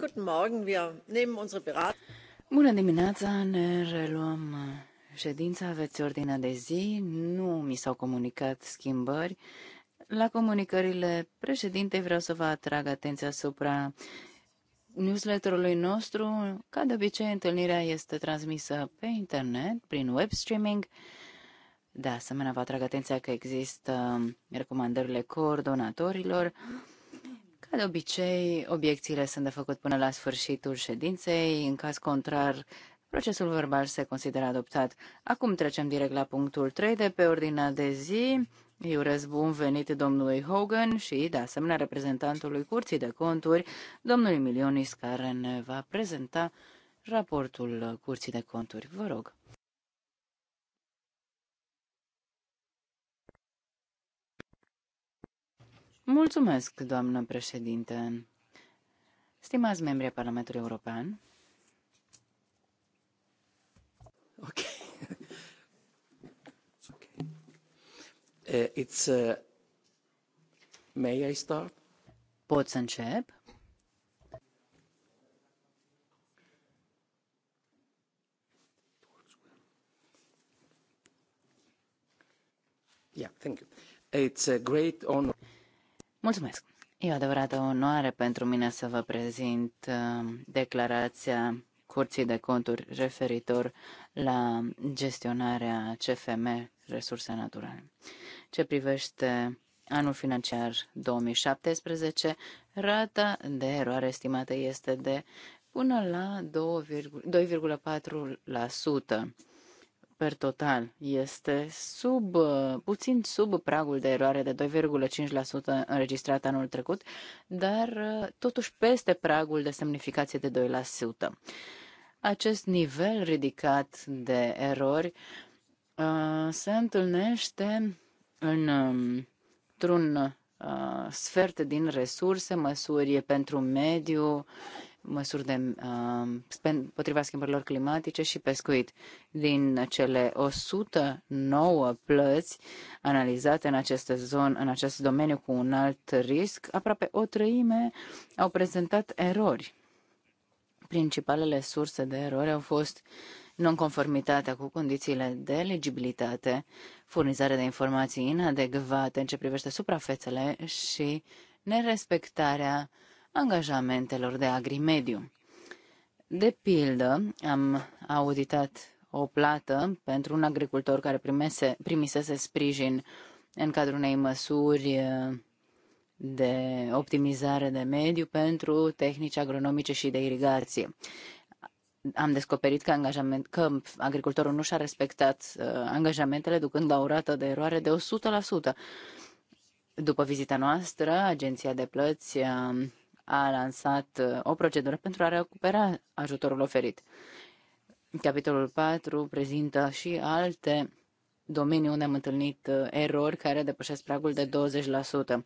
Guten Morgen, wir nehmen unsere Beratung. Bună dimineața, ne reluăm uh, ședința, aveți ordinea de zi, nu mi s-au comunicat schimbări. La comunicările președinte vreau să vă atrag atenția asupra newsletterului nostru. Ca de obicei, întâlnirea este transmisă pe internet, prin web streaming. De asemenea, vă atrag atenția că există uh, recomandările coordonatorilor. Ca de obicei, obiecțiile sunt de făcut până la sfârșitul ședinței. În caz contrar, procesul verbal se consideră adoptat. Acum trecem direct la punctul 3 de pe ordinea de zi. Îi urez bun venit domnului Hogan și, de asemenea, reprezentantului Curții de Conturi, domnului Milionis, care ne va prezenta raportul Curții de Conturi. Vă rog. Mulțumesc, doamnă președinte. Stimați membri ai Parlamentului European. Ok. okay. Uh, it's, uh, may I start? Pot să încep? Yeah, thank you. It's a great honor. Mulțumesc! E o adevărată onoare pentru mine să vă prezint uh, declarația Curții de Conturi referitor la gestionarea CFM Resurse Naturale. Ce privește anul financiar 2017, rata de eroare estimată este de până la 2,4% per total este sub, uh, puțin sub pragul de eroare de 2,5% înregistrat anul trecut, dar uh, totuși peste pragul de semnificație de 2%. Acest nivel ridicat de erori uh, se întâlnește în, um, într-un sfert din resurse, măsuri pentru mediu, măsuri de uh, împotriva schimbărilor climatice și pescuit. Din cele 109 plăți analizate în această zonă, în acest domeniu cu un alt risc, aproape o treime au prezentat erori. Principalele surse de erori au fost nonconformitatea cu condițiile de eligibilitate, furnizarea de informații inadecvate în ce privește suprafețele și nerespectarea uh, angajamentelor de agrimediu. De pildă, am auditat o plată pentru un agricultor care primese, primisese sprijin în cadrul unei măsuri eh, de optimizare de mediu pentru tehnici agronomice și de irigație. Am descoperit că, angajament, că agricultorul nu și-a respectat uh, angajamentele, ducând la o rată de eroare de 100%. După vizita noastră, agenția de plăți a a lansat uh, o procedură pentru a recupera ajutorul oferit. Capitolul 4 prezintă și alte domenii unde am întâlnit uh, erori care depășesc pragul de 20%.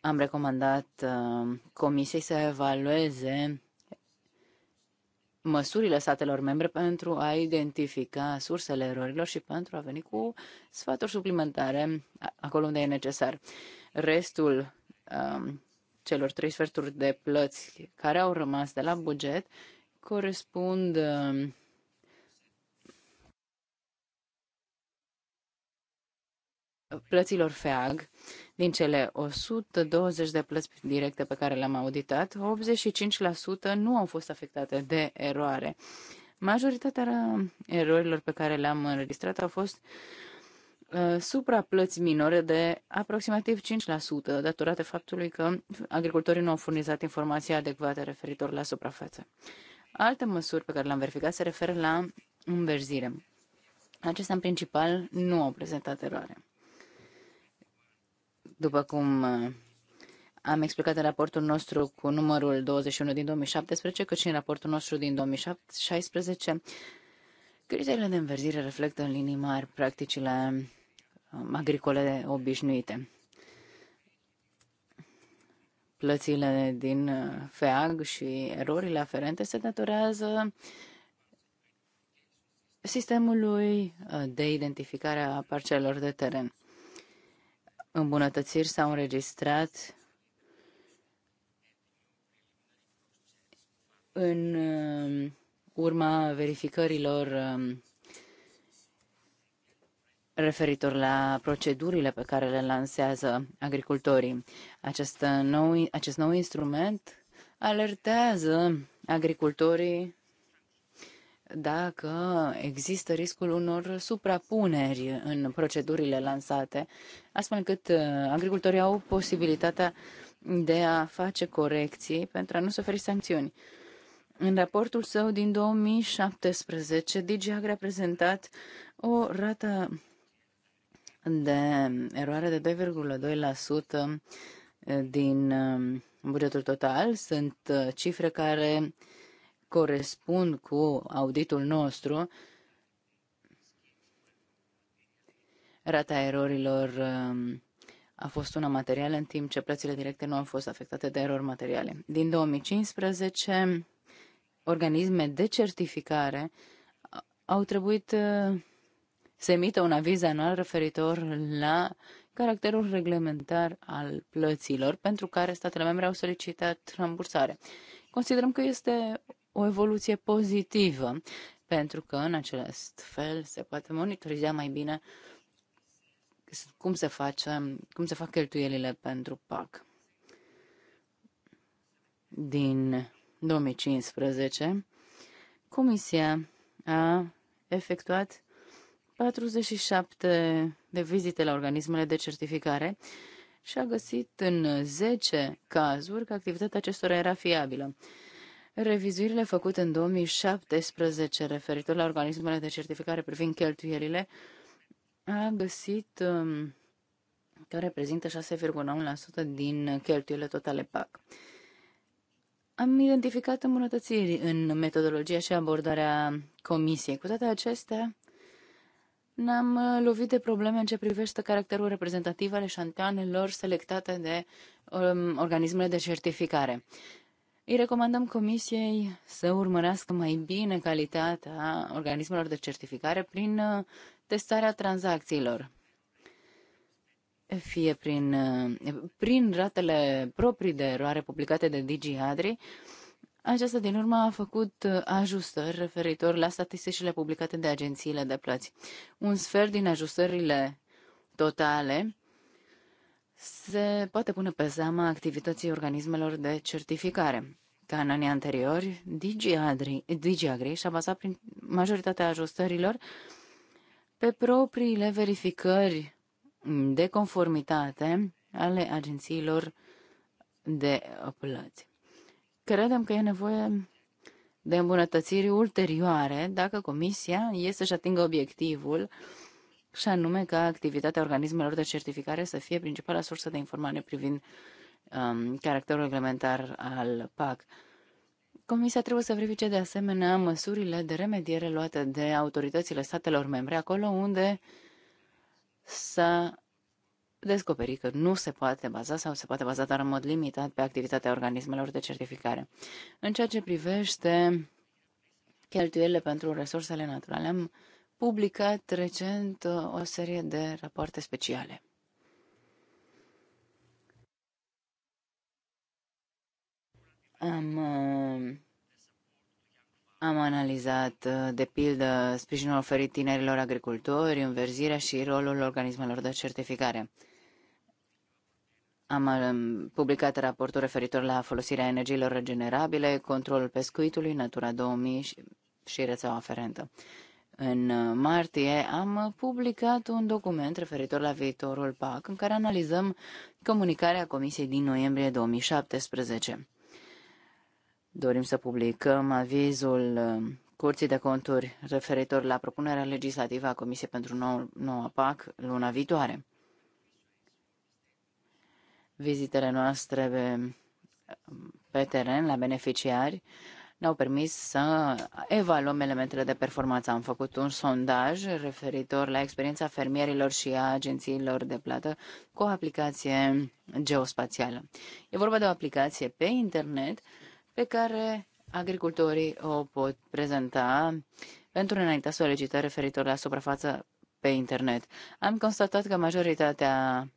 Am recomandat uh, comisiei să evalueze măsurile statelor membre pentru a identifica sursele erorilor și pentru a veni cu sfaturi suplimentare acolo unde e necesar. Restul um, celor trei sferturi de plăți care au rămas de la buget corespund um, plăților FEAG. Din cele 120 de plăți directe pe care le-am auditat, 85% nu au fost afectate de eroare. Majoritatea erorilor pe care le-am înregistrat au fost uh, Uh, supraplăți minore de aproximativ 5% datorate faptului că agricultorii nu au furnizat informații adecvate referitor la suprafețe. Alte măsuri pe care le-am verificat se referă la înverzire. Acestea, în principal, nu au prezentat eroare. După cum uh, am explicat în raportul nostru cu numărul 21 din 2017, cât și în raportul nostru din 2016, criteriile de înverzire reflectă în linii mari practicile agricole obișnuite. Plățile din uh, FEAG și erorile aferente se datorează sistemului uh, de identificare a parcelor de teren. Îmbunătățiri s-au înregistrat în uh, urma verificărilor um, referitor la procedurile pe care le lansează agricultorii. Acest nou, acest nou instrument alertează agricultorii dacă există riscul unor suprapuneri în procedurile lansate, astfel încât uh, agricultorii au posibilitatea de a face corecții pentru a nu suferi sancțiuni. În raportul său din 2017, DG a prezentat o rată de eroare de 2,2% eh, din eh, bugetul total. Sunt eh, cifre care corespund cu auditul nostru. Rata erorilor a fost una materială, în timp ce plățile directe nu au fost afectate de erori materiale. Din 2015, organisme de certificare au trebuit se emită un aviz anual referitor la caracterul reglementar al plăților pentru care statele membre au solicitat rambursare. Considerăm că este o evoluție pozitivă pentru că în acest fel se poate monitoriza mai bine cum se, face, cum se fac cheltuielile pentru PAC. Din 2015, Comisia a efectuat 47 de vizite la organismele de certificare și a găsit în 10 cazuri că activitatea acestora era fiabilă. Revizuirile făcute în 2017 referitor la organismele de certificare privind cheltuielile a găsit um, că reprezintă 6,1% din cheltuielile totale PAC. Am identificat îmbunătățiri în metodologia și abordarea comisiei. Cu toate acestea, ne-am uh, lovit de probleme în ce privește caracterul reprezentativ al eșantianelor selectate de um, organismele de certificare. Îi recomandăm Comisiei să urmărească mai bine calitatea organismelor de certificare prin uh, testarea tranzacțiilor, fie prin, uh, prin ratele proprii de eroare publicate de DigiAdri, aceasta din urmă a făcut uh, ajustări referitor la statisticile publicate de agențiile de plăți. Un sfert din ajustările totale se poate pune pe seama activității organismelor de certificare. Ca în anii anteriori, DigiAgri, DigiAgri și-a bazat prin majoritatea ajustărilor pe propriile verificări de conformitate ale agențiilor de plăți. Credem că e nevoie de îmbunătățiri ulterioare dacă Comisia e să-și atingă obiectivul și anume ca activitatea organismelor de certificare să fie principala sursă de informare privind um, caracterul reglementar al PAC. Comisia trebuie să verifice de asemenea măsurile de remediere luate de autoritățile statelor membre acolo unde s-a descoperi că nu se poate baza sau se poate baza doar în mod limitat pe activitatea organismelor de certificare. În ceea ce privește cheltuielile pentru resursele naturale, am publicat recent uh, o serie de rapoarte speciale. Am, uh, am analizat, uh, de pildă, sprijinul oferit tinerilor agricultori, înverzirea și rolul organismelor de certificare. Am um, publicat raportul referitor la folosirea energiilor regenerabile, controlul pescuitului, Natura 2000 și, și rețeaua aferentă. În uh, martie am publicat un document referitor la viitorul PAC în care analizăm comunicarea Comisiei din noiembrie 2017. Dorim să publicăm avizul um, Curții de Conturi referitor la propunerea legislativă a Comisiei pentru nou, noua PAC luna viitoare. Vizitele noastre pe, ehm, pe teren, la beneficiari, ne-au permis să evaluăm elementele de performanță. Am făcut un sondaj referitor la experiența fermierilor și a agențiilor de plată cu o aplicație geospațială. E vorba de o aplicație pe internet pe care agricultorii o pot prezenta pentru înaintea solicitări referitor la suprafață pe internet. Am constatat că majoritatea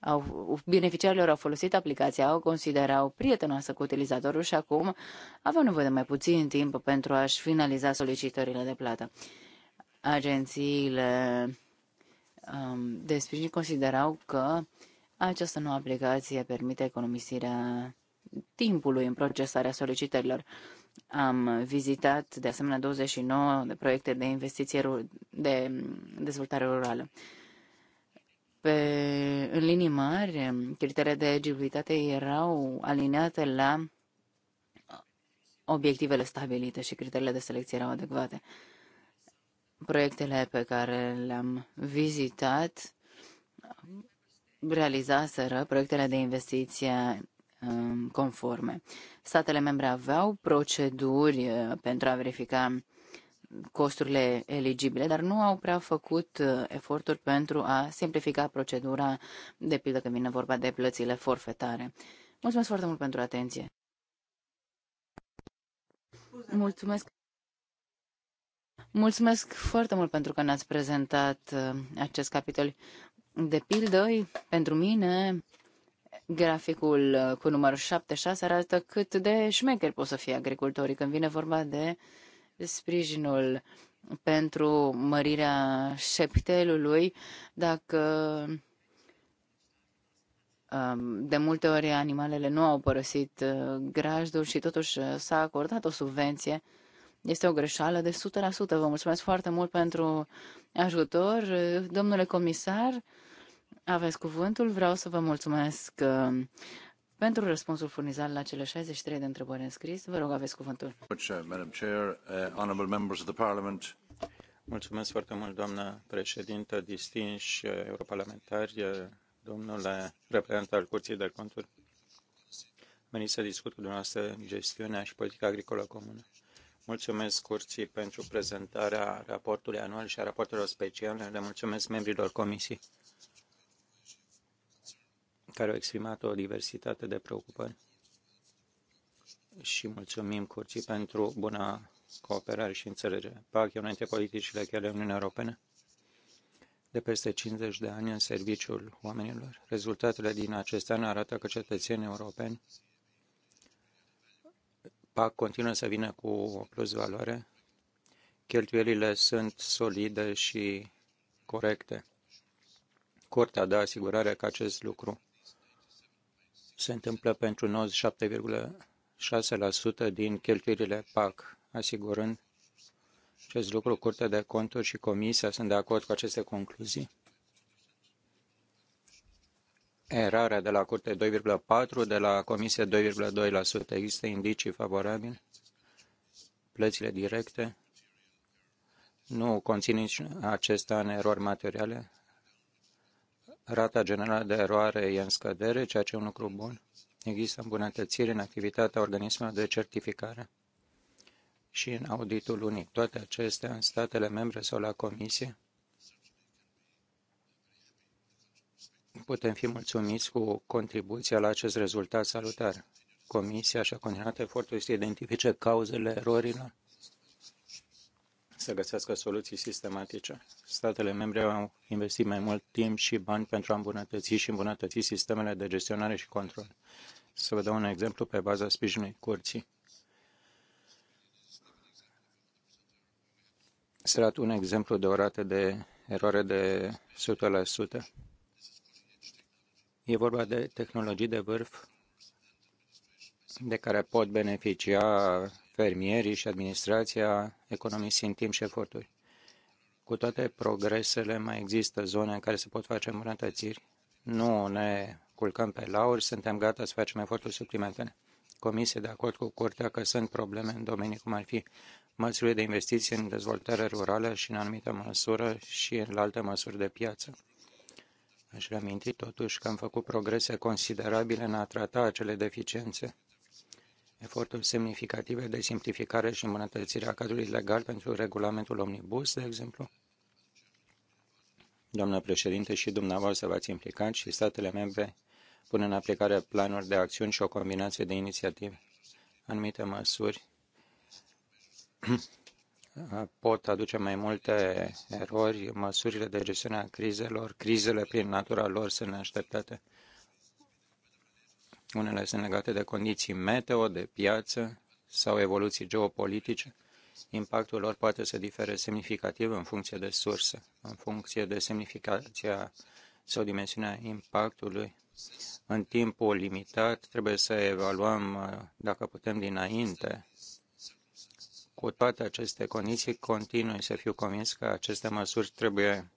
au, beneficiarilor au folosit aplicația, o considerau prietenoasă cu utilizatorul și acum aveau nevoie de mai puțin timp pentru a-și finaliza solicitările de plată. Agențiile um, de sprijin considerau că această nouă aplicație permite economisirea timpului în procesarea solicitărilor. Am vizitat de asemenea 29 de proiecte de investiție de mm, dezvoltare rurală pe, în linii mari, criteriile de eligibilitate erau aliniate la obiectivele stabilite și criteriile de selecție erau adecvate. Proiectele pe care le-am vizitat realizaseră proiectele de investiție um, conforme. Statele membre aveau proceduri uh, pentru a verifica costurile eligibile, dar nu au prea făcut uh, eforturi pentru a simplifica procedura, de pildă când vine vorba de plățile forfetare. Mulțumesc foarte mult pentru atenție. Mulțumesc. Mulțumesc foarte mult pentru că ne-ați prezentat uh, acest capitol. De pildă, pentru mine, graficul uh, cu numărul 76 arată cât de șmecheri pot să fie agricultorii când vine vorba de sprijinul pentru mărirea șeptelului, dacă um, de multe ori animalele nu au părăsit uh, grajdul și totuși uh, s-a acordat o subvenție. Este o greșeală de 100%. Vă mulțumesc foarte mult pentru ajutor. Domnule comisar, aveți cuvântul. Vreau să vă mulțumesc um, pentru răspunsul furnizat la cele 63 de întrebări scris, vă rog, aveți cuvântul. Uh, mulțumesc foarte mult, doamnă președintă, distinși uh, europarlamentari, uh, domnule reprezentant al Curții de Conturi. Am venit să discut cu dumneavoastră gestiunea și politica agricolă comună. Mulțumesc Curții pentru prezentarea raportului anual și a raportelor speciale. Le mulțumesc membrilor comisiei care au exprimat o diversitate de preocupări și mulțumim Curții pentru buna cooperare și înțelegere. PAC e una dintre politicile cheie ale Uniunii Europene de peste 50 de ani în serviciul oamenilor. Rezultatele din acest an arată că cetățenii europeni PAC continuă să vină cu o plus valoare. Cheltuielile sunt solide și corecte. Curtea dă asigurare că acest lucru se întâmplă pentru 97,6% din cheltuielile PAC, asigurând acest lucru. Curtea de conturi și Comisia sunt de acord cu aceste concluzii. Erarea de la curte 2,4, de la comisie 2,2%. Există indicii favorabili. Plățile directe nu conțin nici acest an erori materiale. Rata generală de eroare e în scădere, ceea ce e un lucru bun. Există îmbunătățiri în activitatea organismelor de certificare și în auditul unic. Toate acestea în statele membre sau la comisie. Putem fi mulțumiți cu contribuția la acest rezultat salutar. Comisia și-a continuat efortul să identifice cauzele erorilor să găsească soluții sistematice. Statele membre au investit mai mult timp și bani pentru a îmbunătăți și îmbunătăți sistemele de gestionare și control. Să vă dau un exemplu pe baza sprijinului curții. Să dat un exemplu de o rată de eroare de 100%. E vorba de tehnologii de vârf de care pot beneficia fermierii și administrația în timp și eforturi. Cu toate progresele, mai există zone în care se pot face îmbunătățiri. Nu ne culcăm pe lauri, suntem gata să facem eforturi suplimentare. Comisia de acord cu Curtea că sunt probleme în domenii cum ar fi măsurile de investiții în dezvoltare rurală și în anumită măsură și în alte măsuri de piață. Aș reaminti totuși că am făcut progrese considerabile în a trata acele deficiențe eforturi semnificative de simplificare și îmbunătățire a cadrului legal pentru regulamentul omnibus, de exemplu? Doamna președinte, și dumneavoastră v-ați implicat și statele membre pun în aplicare planuri de acțiuni și o combinație de inițiative. Anumite măsuri pot aduce mai multe erori, măsurile de gestiune a crizelor, crizele prin natura lor sunt neașteptate. Unele sunt legate de condiții meteo, de piață sau evoluții geopolitice. Impactul lor poate să difere semnificativ în funcție de sursă, în funcție de semnificația sau dimensiunea impactului. În timpul limitat trebuie să evaluăm uh, dacă putem dinainte. Cu toate aceste condiții, continui să fiu convins că aceste măsuri trebuie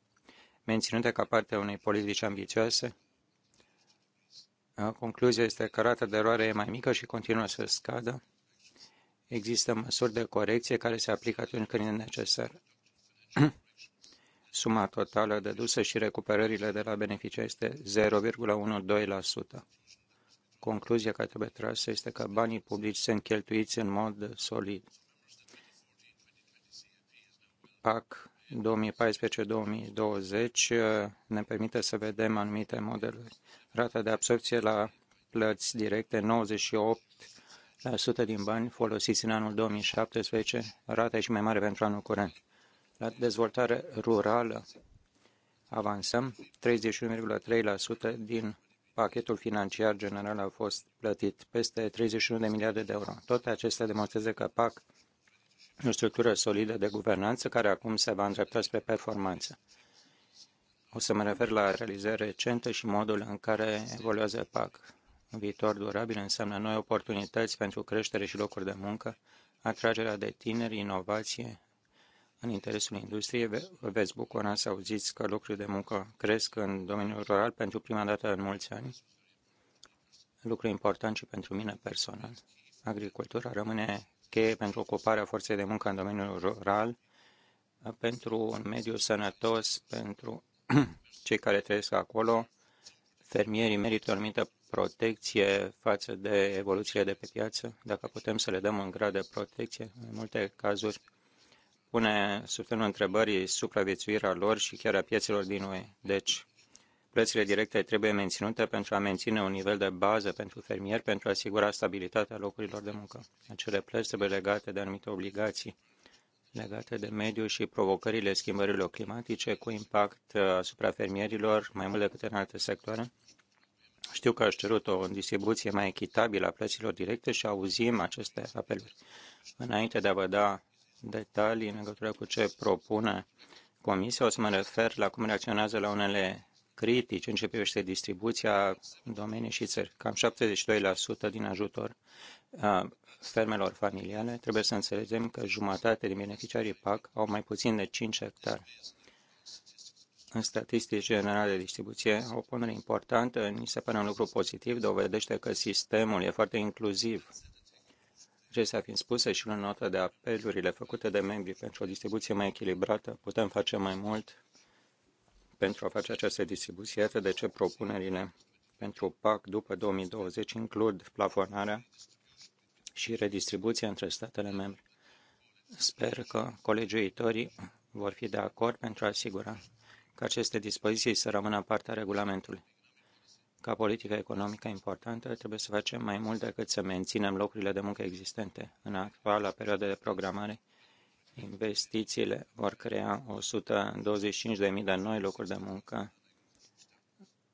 menținute ca parte a unei politici ambițioase da, concluzia este că rata de eroare e mai mică și continuă să scadă. Există măsuri de corecție care se aplică atunci când e necesar. Suma totală dedusă și recuperările de la beneficia este 0,12%. Concluzia care trebuie trasă este că banii publici sunt cheltuiți în mod solid. PAC 2014-2020 eh, ne permite să vedem anumite modeluri. Rata de absorpție la plăți directe 98% din bani folosiți în anul 2017, rata și mai mare pentru anul curent. La dezvoltare rurală avansăm, 31,3% din pachetul financiar general a fost plătit, peste 31 de miliarde de euro. Toate acestea demonstrează că PAC o structură solidă de guvernanță care acum se va îndrepta spre performanță. O să mă refer la realizări recente și modul în care evoluează PAC. viitor durabil înseamnă noi oportunități pentru creștere și locuri de muncă, atragerea de tineri, inovație, în interesul industriei, vă veți bucura să auziți că lucruri de muncă cresc în domeniul rural pentru prima dată în mulți ani. Lucru important și pentru mine personal. Agricultura rămâne cheie pentru ocuparea forței de muncă în domeniul rural, pentru un mediu sănătos, pentru cei care trăiesc acolo, fermierii merită o anumită protecție față de evoluțiile de pe piață, dacă putem să le dăm un grad de protecție, în multe cazuri pune sub semnul întrebării supraviețuirea lor și chiar a piețelor din UE. Deci, plățile directe trebuie menținute pentru a menține un nivel de bază pentru fermieri, pentru a asigura stabilitatea locurilor de muncă. Acele plăți trebuie legate de anumite obligații legate de mediu și provocările schimbărilor climatice cu impact uh, asupra fermierilor mai mult decât în alte sectoare. Știu că aș cerut o distribuție mai echitabilă a plăților directe și auzim aceste apeluri. Înainte de a vă da detalii în legătură cu ce propune Comisia, o să mă refer la cum reacționează la unele critici în ce privește distribuția domenii și țări. Cam 72% din ajutor uh, fermelor familiale, trebuie să înțelegem că jumătate din beneficiarii PAC au mai puțin de 5 hectare. În statistici generale de distribuție, o punere importantă, ni se pare un lucru pozitiv, dovedește că sistemul e foarte inclusiv. Acestea fiind spuse și în notă de apelurile făcute de membri pentru o distribuție mai echilibrată, putem face mai mult pentru a face această distribuție. Iată de ce propunerile pentru PAC după 2020 includ plafonarea și redistribuția între statele membre. Sper că colegiuitorii vor fi de acord pentru a asigura că aceste dispoziții să rămână partea regulamentului. Ca politică economică importantă, trebuie să facem mai mult decât să menținem locurile de muncă existente. În actuala perioadă de programare, Investițiile vor crea 125.000 de noi locuri de muncă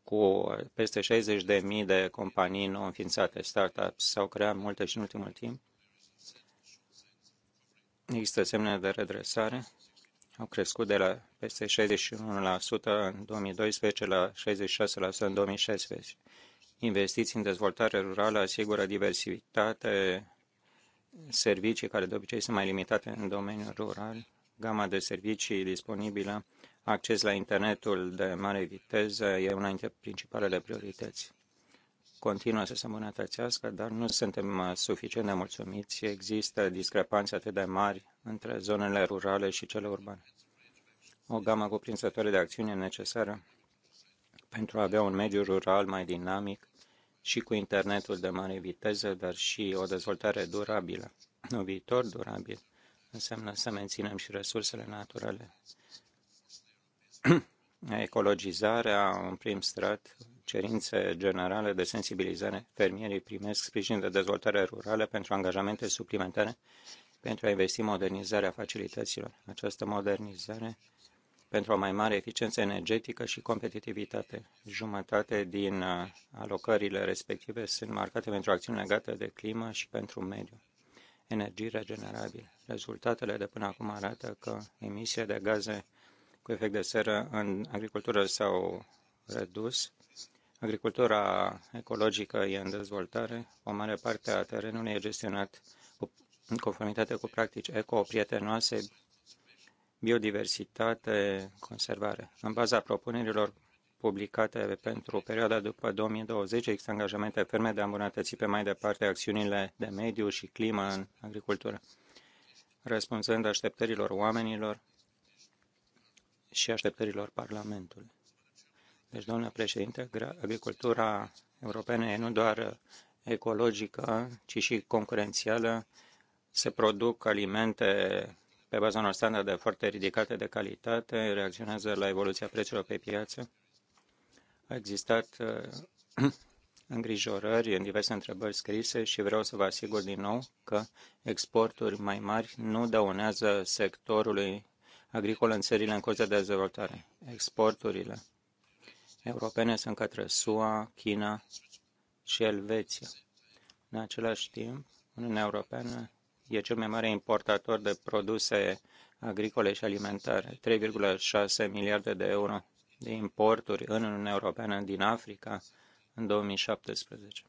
cu peste 60.000 de companii nou înființate, startups, s-au creat multe și în ultimul timp. Există semne de redresare. Au crescut de la peste 61% în 2012 la 66% în 2016. Investiții în dezvoltare rurală asigură diversitate, servicii care de obicei sunt mai limitate în domeniul rural, gama de servicii disponibilă, acces la internetul de mare viteză e una dintre principalele priorități. Continuă să se îmbunătățească, dar nu suntem uh, suficient de mulțumiți. Există discrepanțe atât de mari între zonele rurale și cele urbane. O gamă cuprinsătoare de acțiuni necesară pentru a avea un mediu rural mai dinamic, și cu internetul de mare viteză, dar și o dezvoltare durabilă. Un viitor durabil înseamnă să menținem și resursele naturale. Ecologizarea, un prim strat, cerințe generale de sensibilizare. Fermierii primesc sprijin de dezvoltare rurală pentru angajamente suplimentare pentru a investi modernizarea facilităților. Această modernizare pentru o mai mare eficiență energetică și competitivitate. Jumătate din uh, alocările respective sunt marcate pentru acțiuni legate de climă și pentru mediu. Energii regenerabile. Rezultatele de până acum arată că emisiile de gaze cu efect de seră în agricultură s-au redus. Agricultura ecologică e în dezvoltare. O mare parte a terenului e gestionat cu, în conformitate cu practici eco-prietenoase, biodiversitate, conservare. În baza propunerilor publicate pentru perioada după 2020 există angajamente ferme de a îmbunătăți pe mai departe acțiunile de mediu și climă în agricultură, răspunzând așteptărilor oamenilor și așteptărilor Parlamentului. Deci, domnule președinte, agricultura europeană e nu doar ecologică, ci și concurențială. Se produc alimente pe baza unor standarde foarte ridicate de calitate, reacționează la evoluția prețurilor pe piață. A existat uh, îngrijorări în diverse întrebări scrise și vreau să vă asigur din nou că exporturi mai mari nu dăunează sectorului agricol în țările în curs de dezvoltare. Exporturile europene sunt către SUA, China și Elveția. În același timp, Uniunea Europeană e cel mai mare importator de produse agricole și alimentare, 3,6 miliarde de euro de importuri în Uniunea Europeană din Africa în 2017.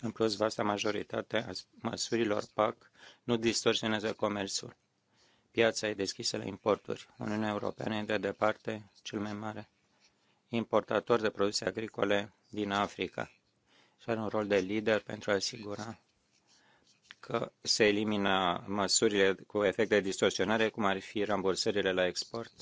În plus, vasta majoritate a măsurilor PAC nu distorsionează comerțul. Piața e deschisă la importuri. Uniunea Europeană e de departe cel mai mare importator de produse agricole din Africa și are un rol de lider pentru a asigura că se elimină măsurile cu efect de distorsionare, cum ar fi rambursările la export.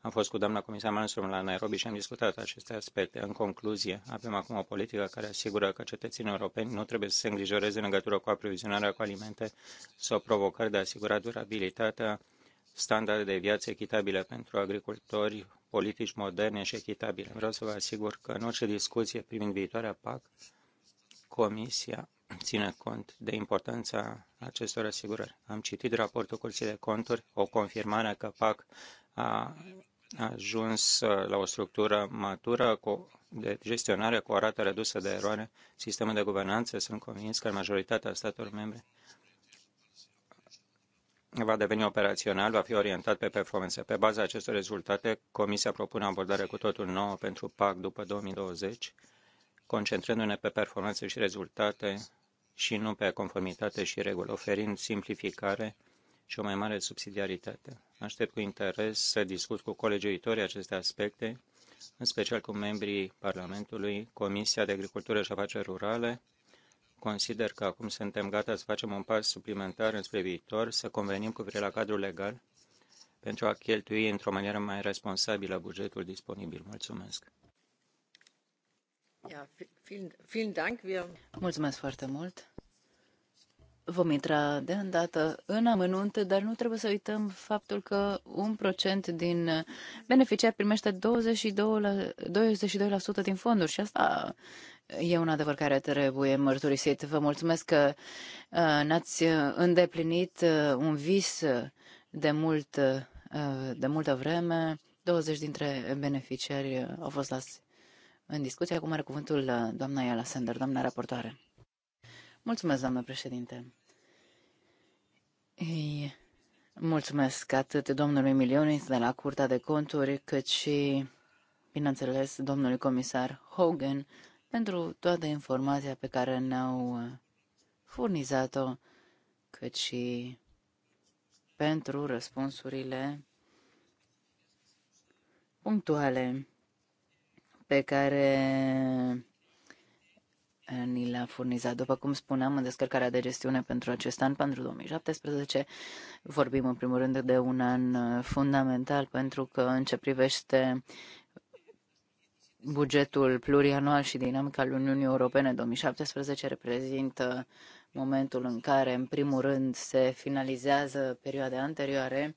Am fost cu doamna comisar Malmström la Nairobi și am discutat aceste aspecte. În concluzie, avem acum o politică care asigură că cetățenii europeni nu trebuie să se îngrijoreze în legătură cu aprovizionarea cu alimente sau provocări de a asigura durabilitatea, standarde de viață echitabile pentru agricultori, politici moderne și echitabile. Vreau să vă asigur că în orice discuție privind viitoarea PAC, Comisia ține cont de importanța acestor asigurări. Am citit raportul Curții de Conturi, o confirmare că PAC a ajuns uh, la o structură matură cu, de gestionare cu o rată redusă de eroare, sistemul de guvernanță. Sunt convins că majoritatea statelor membre va deveni operațional, va fi orientat pe performanțe. Pe baza acestor rezultate, Comisia propune abordare cu totul nouă pentru PAC după 2020, concentrându-ne pe performanțe și rezultate și nu pe conformitate și reguli, oferind simplificare și o mai mare subsidiaritate. Aștept cu interes să discut cu colegiuitorii aceste aspecte, în special cu membrii Parlamentului, Comisia de Agricultură și Afaceri Rurale. Consider că acum suntem gata să facem un pas suplimentar înspre viitor, să convenim cu privire la cadrul legal pentru a cheltui într-o manieră mai responsabilă bugetul disponibil. Mulțumesc! Mulțumesc foarte mult! Vom intra de îndată în amănunte, dar nu trebuie să uităm faptul că un procent din beneficiari primește 22%, la, 22% din fonduri și asta e un adevăr care trebuie mărturisit. Vă mulțumesc că uh, n-ați îndeplinit uh, un vis de, mult, uh, de multă vreme. 20 dintre beneficiari au fost lați în discuție. Acum are cuvântul doamna Iala Sender, doamna raportoare doamnă președinte. îi mulțumesc atât domnului Milionis de la Curtea de Conturi, cât și, bineînțeles, domnului comisar Hogan pentru toată informația pe care ne-au furnizat-o, cât și pentru răspunsurile punctuale pe care ni le a furnizat. După cum spuneam, în descărcarea de gestiune pentru acest an, pentru 2017, vorbim în primul rând de un an fundamental pentru că în ce privește bugetul plurianual și dinamica al Uniunii Europene 2017 reprezintă momentul în care, în primul rând, se finalizează perioada anterioare.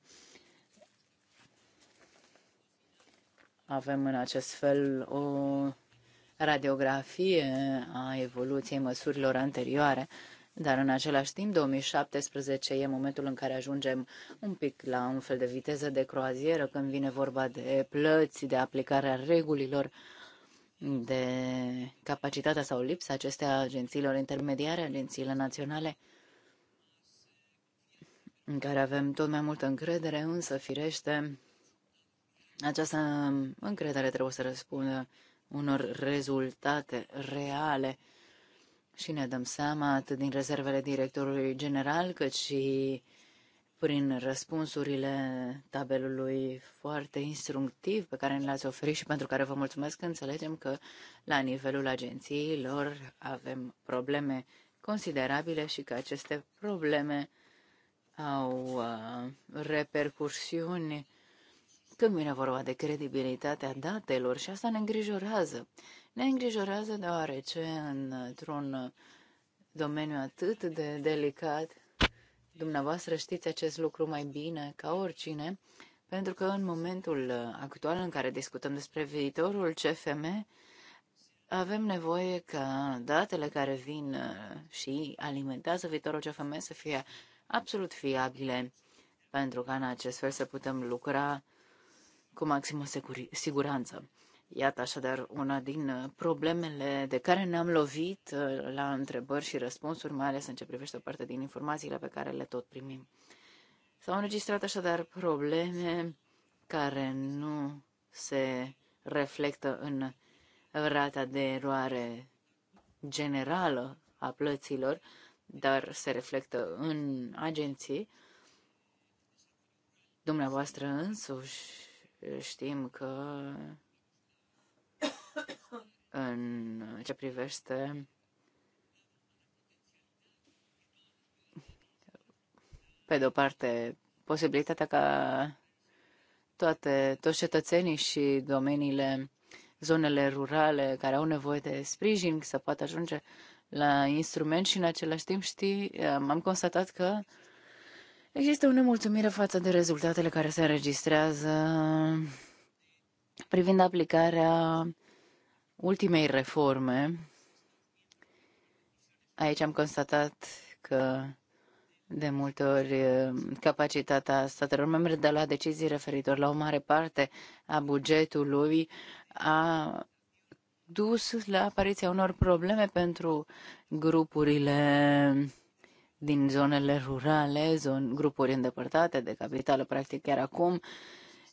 Avem în acest fel o radiografie a evoluției măsurilor anterioare, dar în același timp, 2017 e momentul în care ajungem un pic la un fel de viteză de croazieră când vine vorba de plăți, de aplicarea regulilor, de capacitatea sau lipsa acestea agențiilor intermediare, agențiile naționale, în care avem tot mai multă încredere, însă, firește, această încredere trebuie să răspundă unor rezultate reale și ne dăm seama atât din rezervele directorului general, cât și prin răspunsurile tabelului foarte instructiv pe care ne l-ați oferit și pentru care vă mulțumesc, înțelegem că la nivelul agențiilor avem probleme considerabile și că aceste probleme au uh, repercursiuni când vine vorba de credibilitatea datelor, și asta ne îngrijorează. Ne îngrijorează deoarece într-un domeniu atât de delicat, dumneavoastră știți acest lucru mai bine ca oricine, pentru că în momentul actual în care discutăm despre viitorul CFM, avem nevoie ca datele care vin uh, și alimentează viitorul CFM să fie absolut fiabile, pentru ca în acest fel să putem lucra cu maximă siguranță. Iată așadar una din uh, problemele de care ne-am lovit uh, la întrebări și răspunsuri, mai ales în ce privește o parte din informațiile pe care le tot primim. S-au înregistrat așadar probleme care nu se reflectă în rata de eroare generală a plăților, dar se reflectă în agenții. Dumneavoastră însuși Știm că în ce privește pe de o parte posibilitatea ca toate, toți cetățenii și domeniile, zonele rurale care au nevoie de sprijin să poată ajunge la instrument și în același timp știi, am constatat că Există o nemulțumire față de rezultatele care se înregistrează privind aplicarea ultimei reforme. Aici am constatat că de multe ori capacitatea statelor membre de a lua decizii referitor la o mare parte a bugetului a dus la apariția unor probleme pentru grupurile din zonele rurale, zon, grupuri îndepărtate de capitală, practic chiar acum,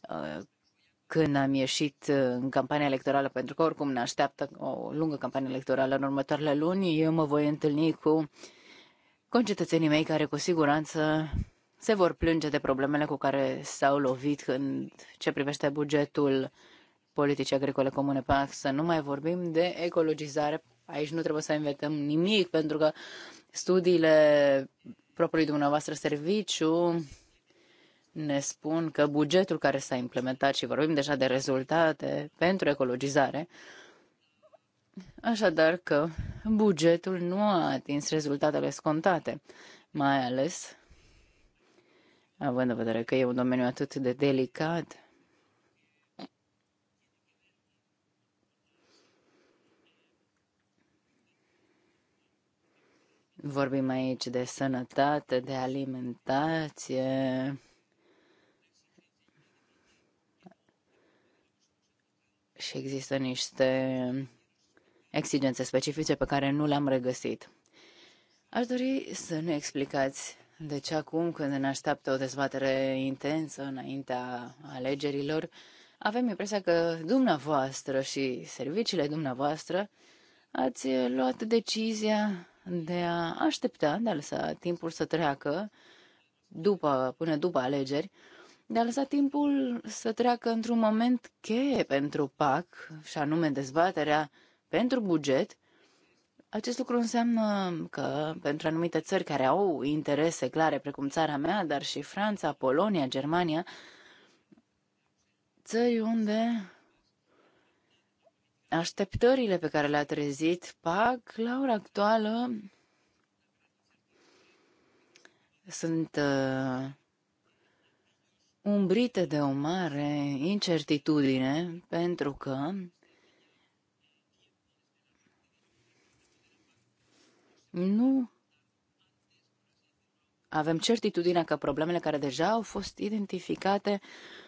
uh, când am ieșit uh, în campania electorală, pentru că oricum ne așteaptă o lungă campanie electorală în următoarele luni, eu mă voi întâlni cu concetățenii mei care cu siguranță se vor plânge de problemele cu care s-au lovit în ce privește bugetul politicii agricole comune PAC, să nu mai vorbim de ecologizare Aici nu trebuie să inventăm nimic, pentru că studiile propriului dumneavoastră serviciu ne spun că bugetul care s-a implementat și vorbim deja de rezultate pentru ecologizare, așadar că bugetul nu a atins rezultatele scontate, mai ales având în vedere că e un domeniu atât de delicat Vorbim aici de sănătate, de alimentație. Și există niște exigențe specifice pe care nu le-am regăsit. Aș dori să ne explicați de ce acum, când ne așteaptă o dezbatere intensă înaintea alegerilor, avem impresia că dumneavoastră și serviciile dumneavoastră ați luat decizia de a aștepta, de a lăsa timpul să treacă după, până după alegeri, de a lăsa timpul să treacă într-un moment cheie pentru PAC, și anume dezbaterea pentru buget, acest lucru înseamnă că pentru anumite țări care au interese clare, precum țara mea, dar și Franța, Polonia, Germania, țări unde așteptările pe care le-a trezit PAC la ora actuală sunt uh, umbrite de o mare incertitudine pentru că nu avem certitudinea că problemele care deja au fost identificate uh,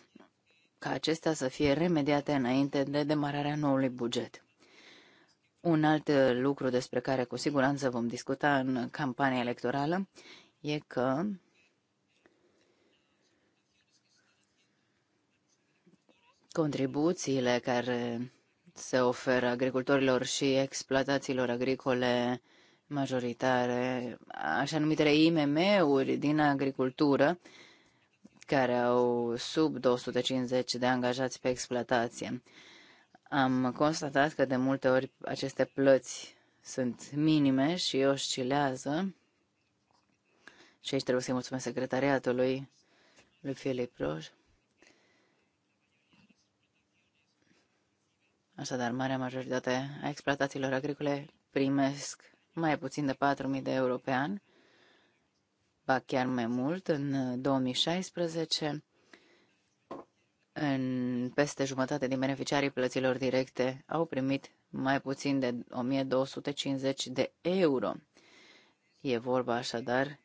ca acestea să fie remediate înainte de demararea noului buget. Un alt lucru despre care cu siguranță vom discuta în campania electorală e că contribuțiile care se oferă agricultorilor și exploatațiilor agricole majoritare, așa numitele IMM-uri din agricultură, care au sub 250 de angajați pe exploatație. Am constatat că de multe ori aceste plăți sunt minime și oscilează. Și aici trebuie să-i mulțumesc secretariatului lui Filip Roș. Așadar, marea majoritate a exploatațiilor agricole primesc mai puțin de 4.000 de euro pe an ba chiar mai mult, în 2016, uh, în peste jumătate din beneficiarii plăților directe au primit mai puțin de 1250 de euro. E vorba așadar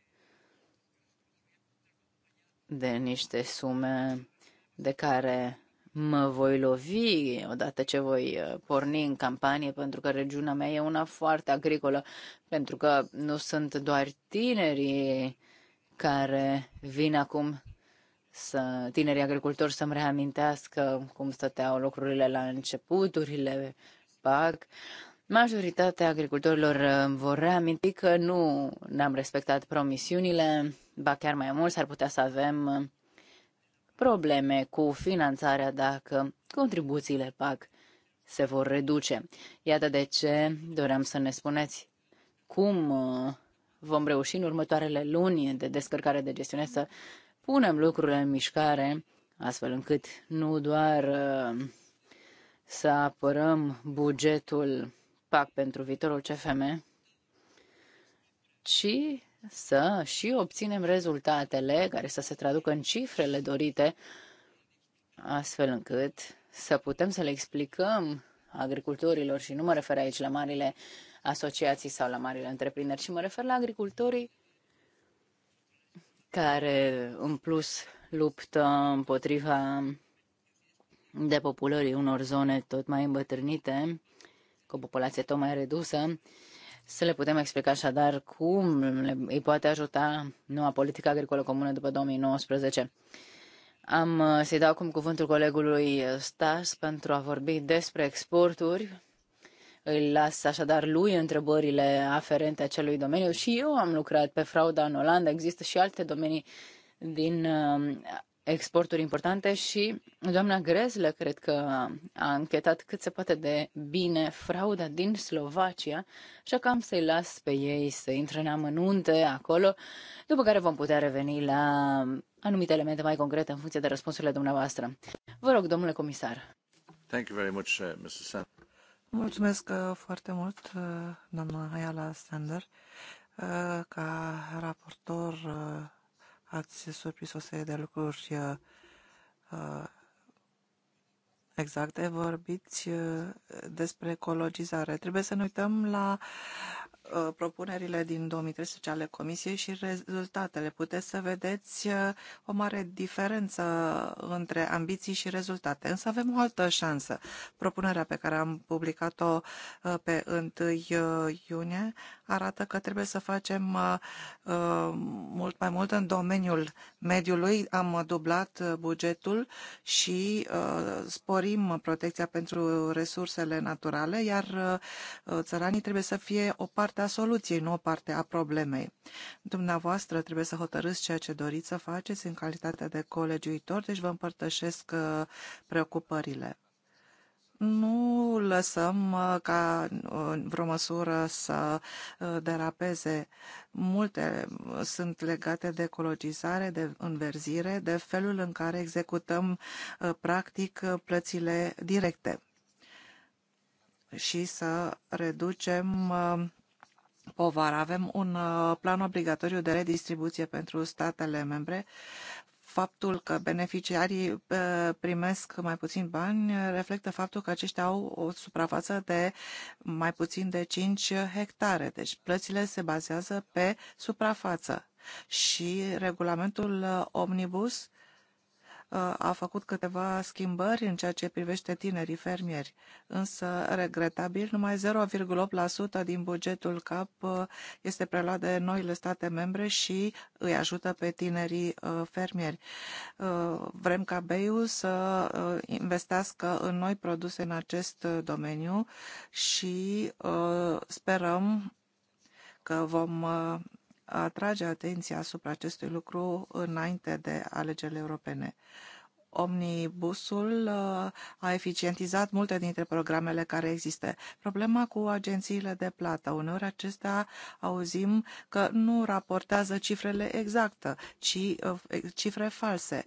de niște sume de care mă voi lovi odată ce voi uh, porni în campanie, pentru că regiunea mea e una foarte agricolă, pentru că nu sunt doar tinerii care vin acum să tinerii agricultori să-mi reamintească cum stăteau lucrurile la începuturile PAC. Majoritatea agricultorilor uh, vor reaminti că nu ne-am respectat promisiunile, ba chiar mai mult s-ar putea să avem uh, probleme cu finanțarea dacă contribuțiile PAC se vor reduce. Iată de ce doream să ne spuneți cum uh, vom reuși în următoarele luni de descărcare de gestiune să punem lucrurile în mișcare, astfel încât nu doar uh, să apărăm bugetul PAC pentru viitorul CFM, ci să și obținem rezultatele care să se traducă în cifrele dorite, astfel încât să putem să le explicăm agricultorilor și nu mă refer aici la marile asociații sau la marile întreprinderi, ci mă refer la agricultorii care în plus luptă împotriva depopulării unor zone tot mai îmbătrânite, cu o populație tot mai redusă, să le putem explica așadar cum îi poate ajuta noua politică agricolă comună după 2019. Am uh, să-i dau acum cuvântul colegului uh, Stas pentru a vorbi despre exporturi. Îi las așadar lui întrebările aferente acelui domeniu și eu am lucrat pe frauda în Olanda. Există și alte domenii din um, exporturi importante și doamna Grezle cred că a închetat cât se poate de bine frauda din Slovacia, așa că am să-i las pe ei să intre în amănunte acolo, după care vom putea reveni la anumite elemente mai concrete în funcție de răspunsurile dumneavoastră. Vă rog, domnule comisar. Thank you very much, uh, Mrs. Sand. Mulțumesc uh, foarte mult, uh, doamna Ayala Sander. Uh, ca raportor ați surprins o serie de lucruri exacte. Vorbiți despre ecologizare. Trebuie să ne uităm la Uh, propunerile din 2013 ale Comisiei și rezultatele. Puteți să vedeți uh, o mare diferență între ambiții și rezultate. Însă avem o altă șansă. Propunerea pe care am publicat-o uh, pe 1 iunie arată că trebuie să facem mult mai mult în domeniul mediului. Am dublat bugetul și sporim protecția pentru resursele naturale, iar țăranii trebuie să fie o parte partea soluției, nu o parte a problemei. Dumneavoastră trebuie să hotărâți ceea ce doriți să faceți în calitate de colegiuitor, deci vă împărtășesc uh, preocupările nu lăsăm uh, ca uh, vreo măsură să derapeze. Multe sunt legate de ecologizare, de înverzire, de felul în care executăm practic plățile directe și să reducem povară. Avem un uh, plan obligatoriu de redistribuție pentru statele membre. Faptul că beneficiarii uh, primesc mai puțin bani reflectă faptul că aceștia au o suprafață de mai puțin de 5 hectare. Deci plățile se bazează pe suprafață. Și regulamentul uh, Omnibus a făcut câteva schimbări în ceea ce privește tinerii fermieri, însă, regretabil, numai 0,8% din bugetul CAP uh, este preluat de noile state membre și îi ajută pe tinerii uh, fermieri. Uh, vrem ca BEU să investească în noi produse în acest domeniu și sperăm că vom atrage atenția asupra acestui lucru înainte de alegerile europene. Omnibusul uh, a eficientizat multe dintre programele care există. Problema cu agențiile de plată. Uneori acestea auzim că nu raportează cifrele exacte, ci uh, cifre false.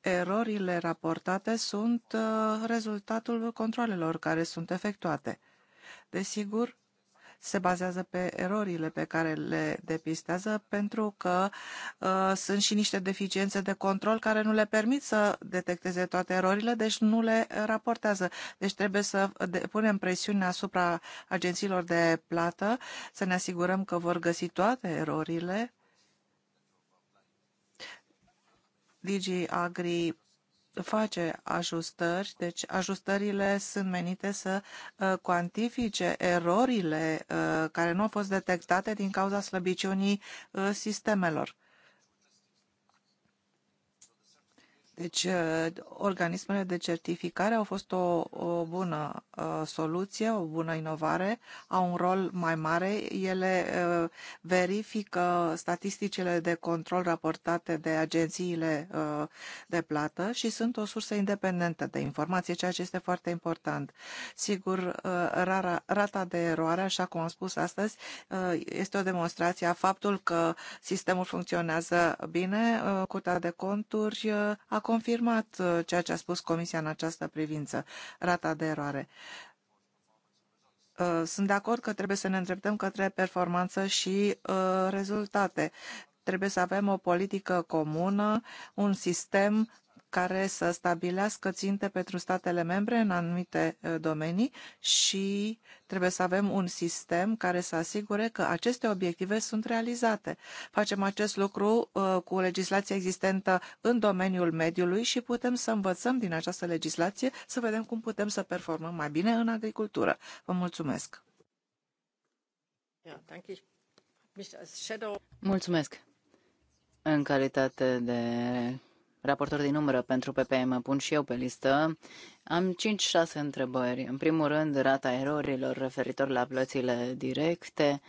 Erorile raportate sunt uh, rezultatul controlelor care sunt efectuate. Desigur, se bazează pe erorile pe care le depistează, pentru că uh, sunt și niște deficiențe de control care nu le permit să detecteze toate erorile, deci nu le raportează. Deci trebuie să punem presiune asupra agențiilor de plată, să ne asigurăm că vor găsi toate erorile. Digi Agri face ajustări, deci ajustările sunt menite să uh, cuantifice erorile uh, care nu au fost detectate din cauza slăbiciunii uh, sistemelor. Deci, uh, organismele de certificare au fost o, o bună uh, soluție, o bună inovare, au un rol mai mare. Ele uh, verifică statisticile de control raportate de agențiile uh, de plată și sunt o sursă independentă de informație, ceea ce este foarte important. Sigur, uh, rara, rata de eroare, așa cum am spus astăzi, uh, este o demonstrație a faptul că sistemul funcționează bine, curtea de conturi acum confirmat uh, ceea ce a spus Comisia în această privință, rata de eroare. Uh, sunt de acord că trebuie să ne îndreptăm către performanță și uh, rezultate. Trebuie să avem o politică comună, un sistem care să stabilească ținte pentru statele membre în anumite uh, domenii și trebuie să avem un sistem care să asigure că aceste obiective sunt realizate. Facem acest lucru uh, cu legislația existentă în domeniul mediului și putem să învățăm din această legislație să vedem cum putem să performăm mai bine în agricultură. Vă mulțumesc! Mulțumesc! În calitate de raportor din umbră pentru PPM, mă pun și eu pe listă. Am 5-6 întrebări. În primul rând, rata erorilor referitor la plățile directe.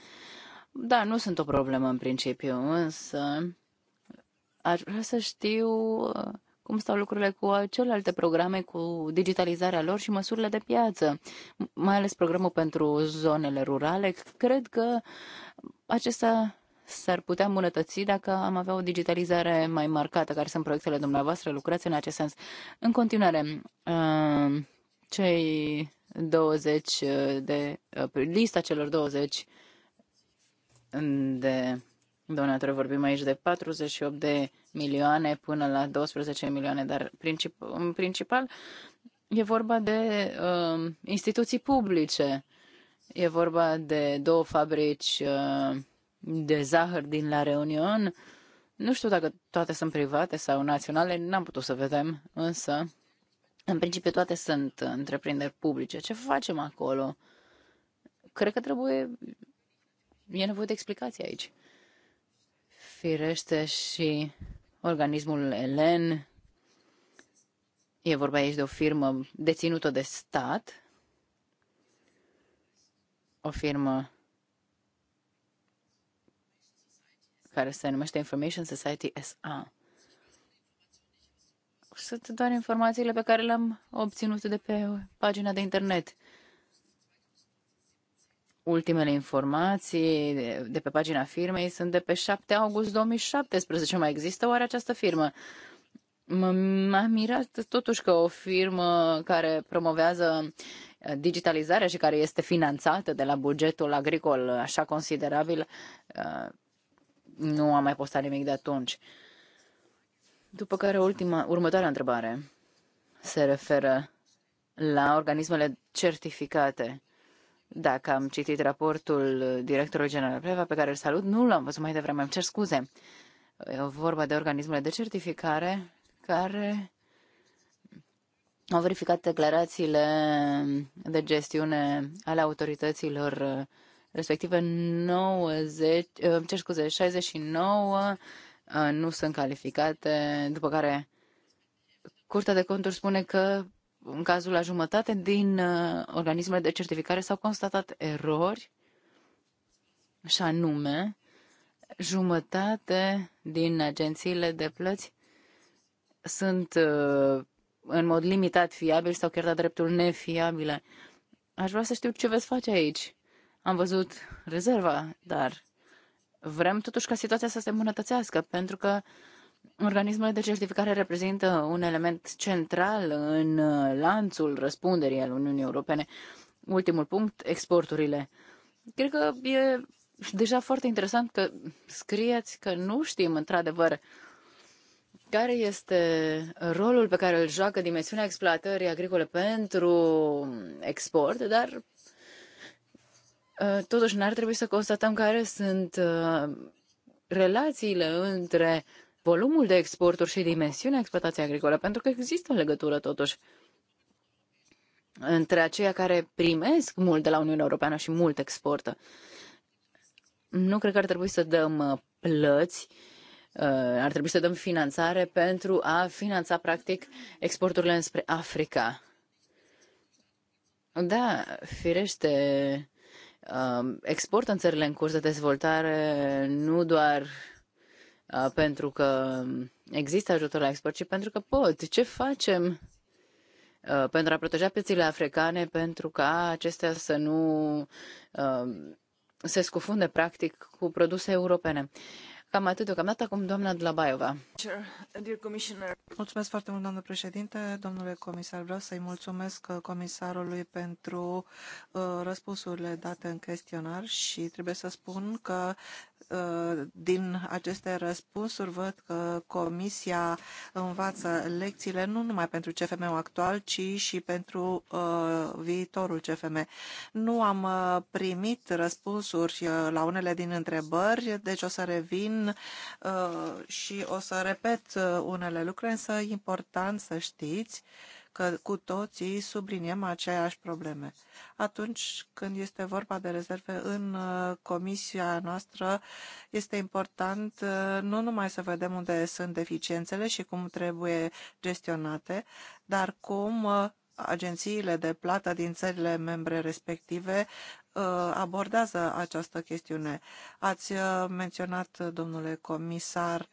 Da, nu sunt o problemă în principiu, însă aș vrea să știu uh, cum stau lucrurile cu celelalte programe, cu digitalizarea lor și măsurile de piață, mai ales programul pentru zonele rurale. Cred că acesta s-ar putea îmbunătăți dacă am avea o digitalizare mai marcată, care sunt proiectele dumneavoastră, lucrați în acest sens. În continuare, uh, cei 20 de, uh, lista celor 20 de donatori, vorbim aici de 48 de milioane până la 12 milioane, dar princip, în principal e vorba de uh, instituții publice, e vorba de două fabrici uh, de zahăr din La Reunion. Nu știu dacă toate sunt private sau naționale, n-am putut să vedem, însă în principiu toate sunt întreprinderi publice. Ce facem acolo? Cred că trebuie, e nevoie de explicații aici. Firește și organismul Elen, e vorba aici de o firmă deținută de stat, o firmă care se numește Information Society SA. Sunt doar informațiile pe care le-am obținut de pe pagina de internet. Ultimele informații de pe pagina firmei sunt de pe 7 august 2017. Mai există oare această firmă? M-a mirat totuși că o firmă care promovează uh, digitalizarea și care este finanțată de la bugetul agricol așa considerabil uh, nu am mai postat nimic de atunci. După care ultima, următoarea întrebare se referă la organismele certificate. Dacă am citit raportul directorului general Preva, pe care îl salut, nu l-am văzut mai devreme, îmi cer scuze. E vorba de organismele de certificare care au verificat declarațiile de gestiune ale autorităților respectivă 90, ce scuze, 69 uh, nu sunt calificate, după care Curtea de Conturi spune că în cazul la jumătate din uh, organismele de certificare s-au constatat erori și anume jumătate din agențiile de plăți sunt uh, în mod limitat fiabile sau chiar de dreptul nefiabile. Aș vrea să știu ce veți face aici. Am văzut rezerva, dar vrem totuși ca situația să se îmbunătățească, pentru că organismele de certificare reprezintă un element central în uh, lanțul răspunderii al Uniunii Europene. Ultimul punct, exporturile. Cred că e deja foarte interesant că scrieți că nu știm într-adevăr care este rolul pe care îl joacă dimensiunea exploatării agricole pentru export, dar Uh, totuși, n-ar trebui să constatăm care sunt uh, relațiile între volumul de exporturi și dimensiunea exploatației agricole, pentru că există o legătură, totuși, între aceia care primesc mult de la Uniunea Europeană și mult exportă. Nu cred că ar trebui să dăm uh, plăți ar trebui să dăm finanțare pentru a finanța, practic, exporturile înspre Africa. Da, firește, Um, exportă în țările în curs de dezvoltare nu doar uh, pentru că um, există ajutor la export, ci pentru că pot. Ce facem uh, pentru a proteja piețile africane, pentru ca acestea să nu um, se scufunde practic cu produse europene? Cam atât deocamdată, acum doamna Dlabaiova. Mulțumesc foarte mult, doamnă președinte, domnule comisar. Vreau să-i mulțumesc uh, comisarului pentru uh, răspunsurile date în chestionar și trebuie să spun că Uh, din aceste răspunsuri văd că Comisia învață lecțiile nu numai pentru CFM-ul actual, ci și pentru uh, viitorul CFM. Nu am uh, primit răspunsuri uh, la unele din întrebări, deci o să revin uh, și o să repet uh, unele lucruri, însă e important să știți uh, că cu toții subliniem aceeași probleme. Atunci când este vorba de rezerve în uh, comisia noastră, este important uh, nu numai să vedem unde sunt deficiențele și cum trebuie gestionate, dar cum uh, agențiile de plată din țările membre respective abordează această chestiune. Ați menționat, domnule comisar,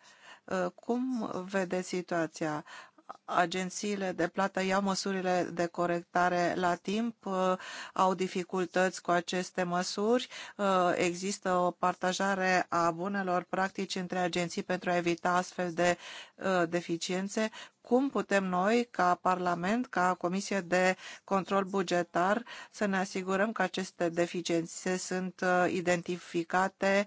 cum vedeți situația? agențiile de plată iau măsurile de corectare la timp, uh, au dificultăți cu aceste măsuri, uh, există o partajare a bunelor practici între agenții pentru a evita astfel de uh, deficiențe. Cum putem noi, ca Parlament, ca Comisie de Control Bugetar, să ne asigurăm că aceste deficiențe sunt identificate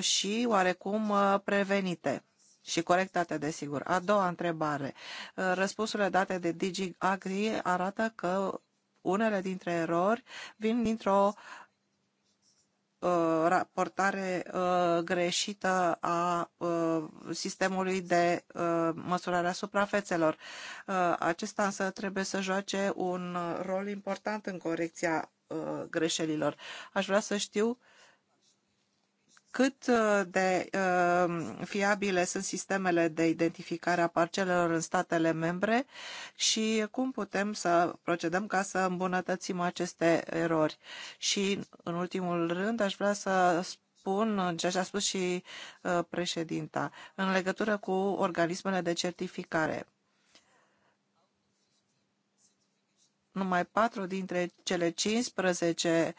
și oarecum prevenite? și corectate, desigur. A doua întrebare. Uh, răspunsurile date de Digi Agri arată că unele dintre erori vin dintr-o uh, raportare uh, greșită a uh, sistemului de uh, măsurare a suprafețelor. Acesta însă trebuie să joace un rol important în corecția greșelilor. Aș vrea să știu cât uh, de uh, fiabile sunt sistemele de identificare a parcelelor în statele membre și cum putem să procedăm ca să îmbunătățim aceste erori. Și, în ultimul rând, aș vrea să spun ceea ce a spus și uh, președinta în legătură cu organismele de certificare. numai patru dintre cele 15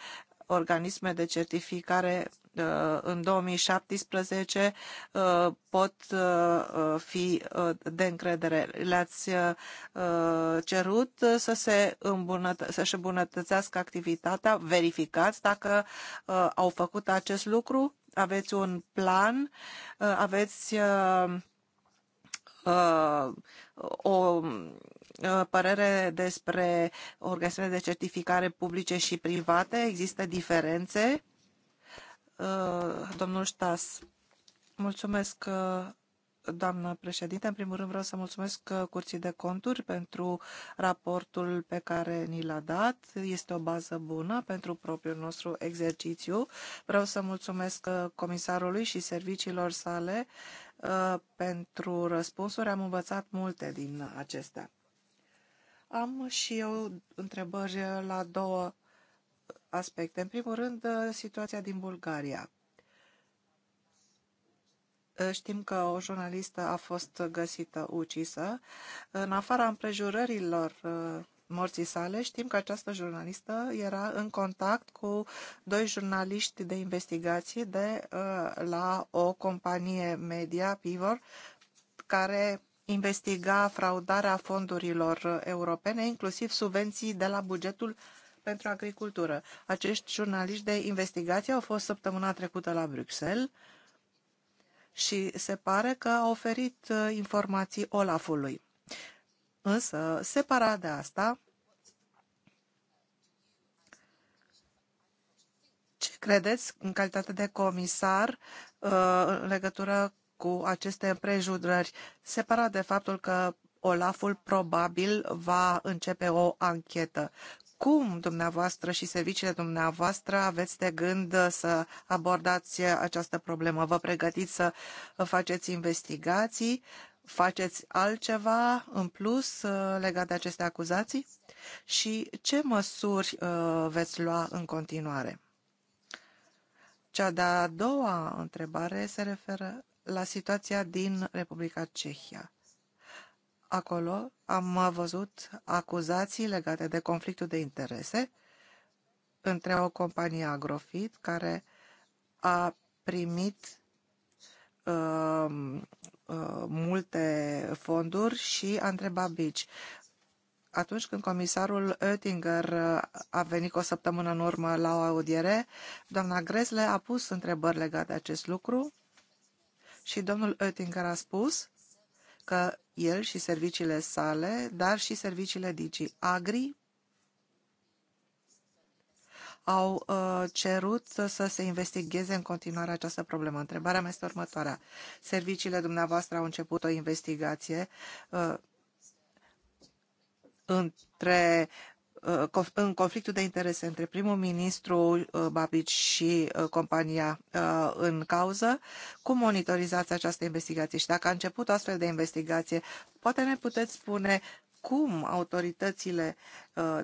organisme de certificare uh, în 2017 uh, pot uh, fi de încredere. Le-ați cerut să se să-și îmbunătățească activitatea, verificați dacă au făcut acest lucru, aveți un plan, aveți o Uh, părere despre organismele de certificare publice și private. Există diferențe. Uh, domnul Ștas, mulțumesc, uh, doamnă președinte. În primul rând vreau să mulțumesc Curții de Conturi pentru raportul pe care ni l-a dat. Este o bază bună pentru propriul nostru exercițiu. Vreau să mulțumesc comisarului și serviciilor sale pentru răspunsuri. Am învățat multe din acestea. Am și eu întrebări la două aspecte. În primul rând, uh, situația din Bulgaria. Uh, știm că o jurnalistă a fost găsită ucisă. În afara împrejurărilor uh, morții sale, știm că această jurnalistă era în contact cu doi jurnaliști de investigații de la o companie media, Pivor, care investiga fraudarea fondurilor europene, inclusiv subvenții de la bugetul pentru agricultură. Acești jurnaliști de investigație au fost săptămâna trecută la Bruxelles și se pare că au oferit uh, informații Olafului. Însă, separat de asta, ce credeți în calitate de comisar uh, în legătură cu aceste împrejurări, separat de faptul că Olaful probabil va începe o anchetă. Cum dumneavoastră și serviciile dumneavoastră aveți de gând să abordați această problemă? Vă pregătiți să faceți investigații? Faceți altceva în plus uh, legat de aceste acuzații? Și ce măsuri uh, veți lua în continuare? Cea de-a doua întrebare se referă la situația din Republica Cehia. Acolo am văzut acuzații legate de conflictul de interese între o companie Agrofit care a primit uh, uh, multe fonduri și a întrebat Bici. Atunci când comisarul Oettinger a venit o săptămână în urmă la o audiere, doamna Gresle a pus întrebări legate de acest lucru și domnul Oettinger a spus că el și serviciile sale, dar și serviciile Digi Agri au uh, cerut să se investigheze în continuare această problemă. Întrebarea mea este următoarea. Serviciile dumneavoastră au început o investigație uh, între Uh, în conflictul de interese între primul ministru uh, Babic și uh, compania în cauză. Cum monitorizați această investigație și dacă a început o astfel de investigație, poate ne puteți spune cum autoritățile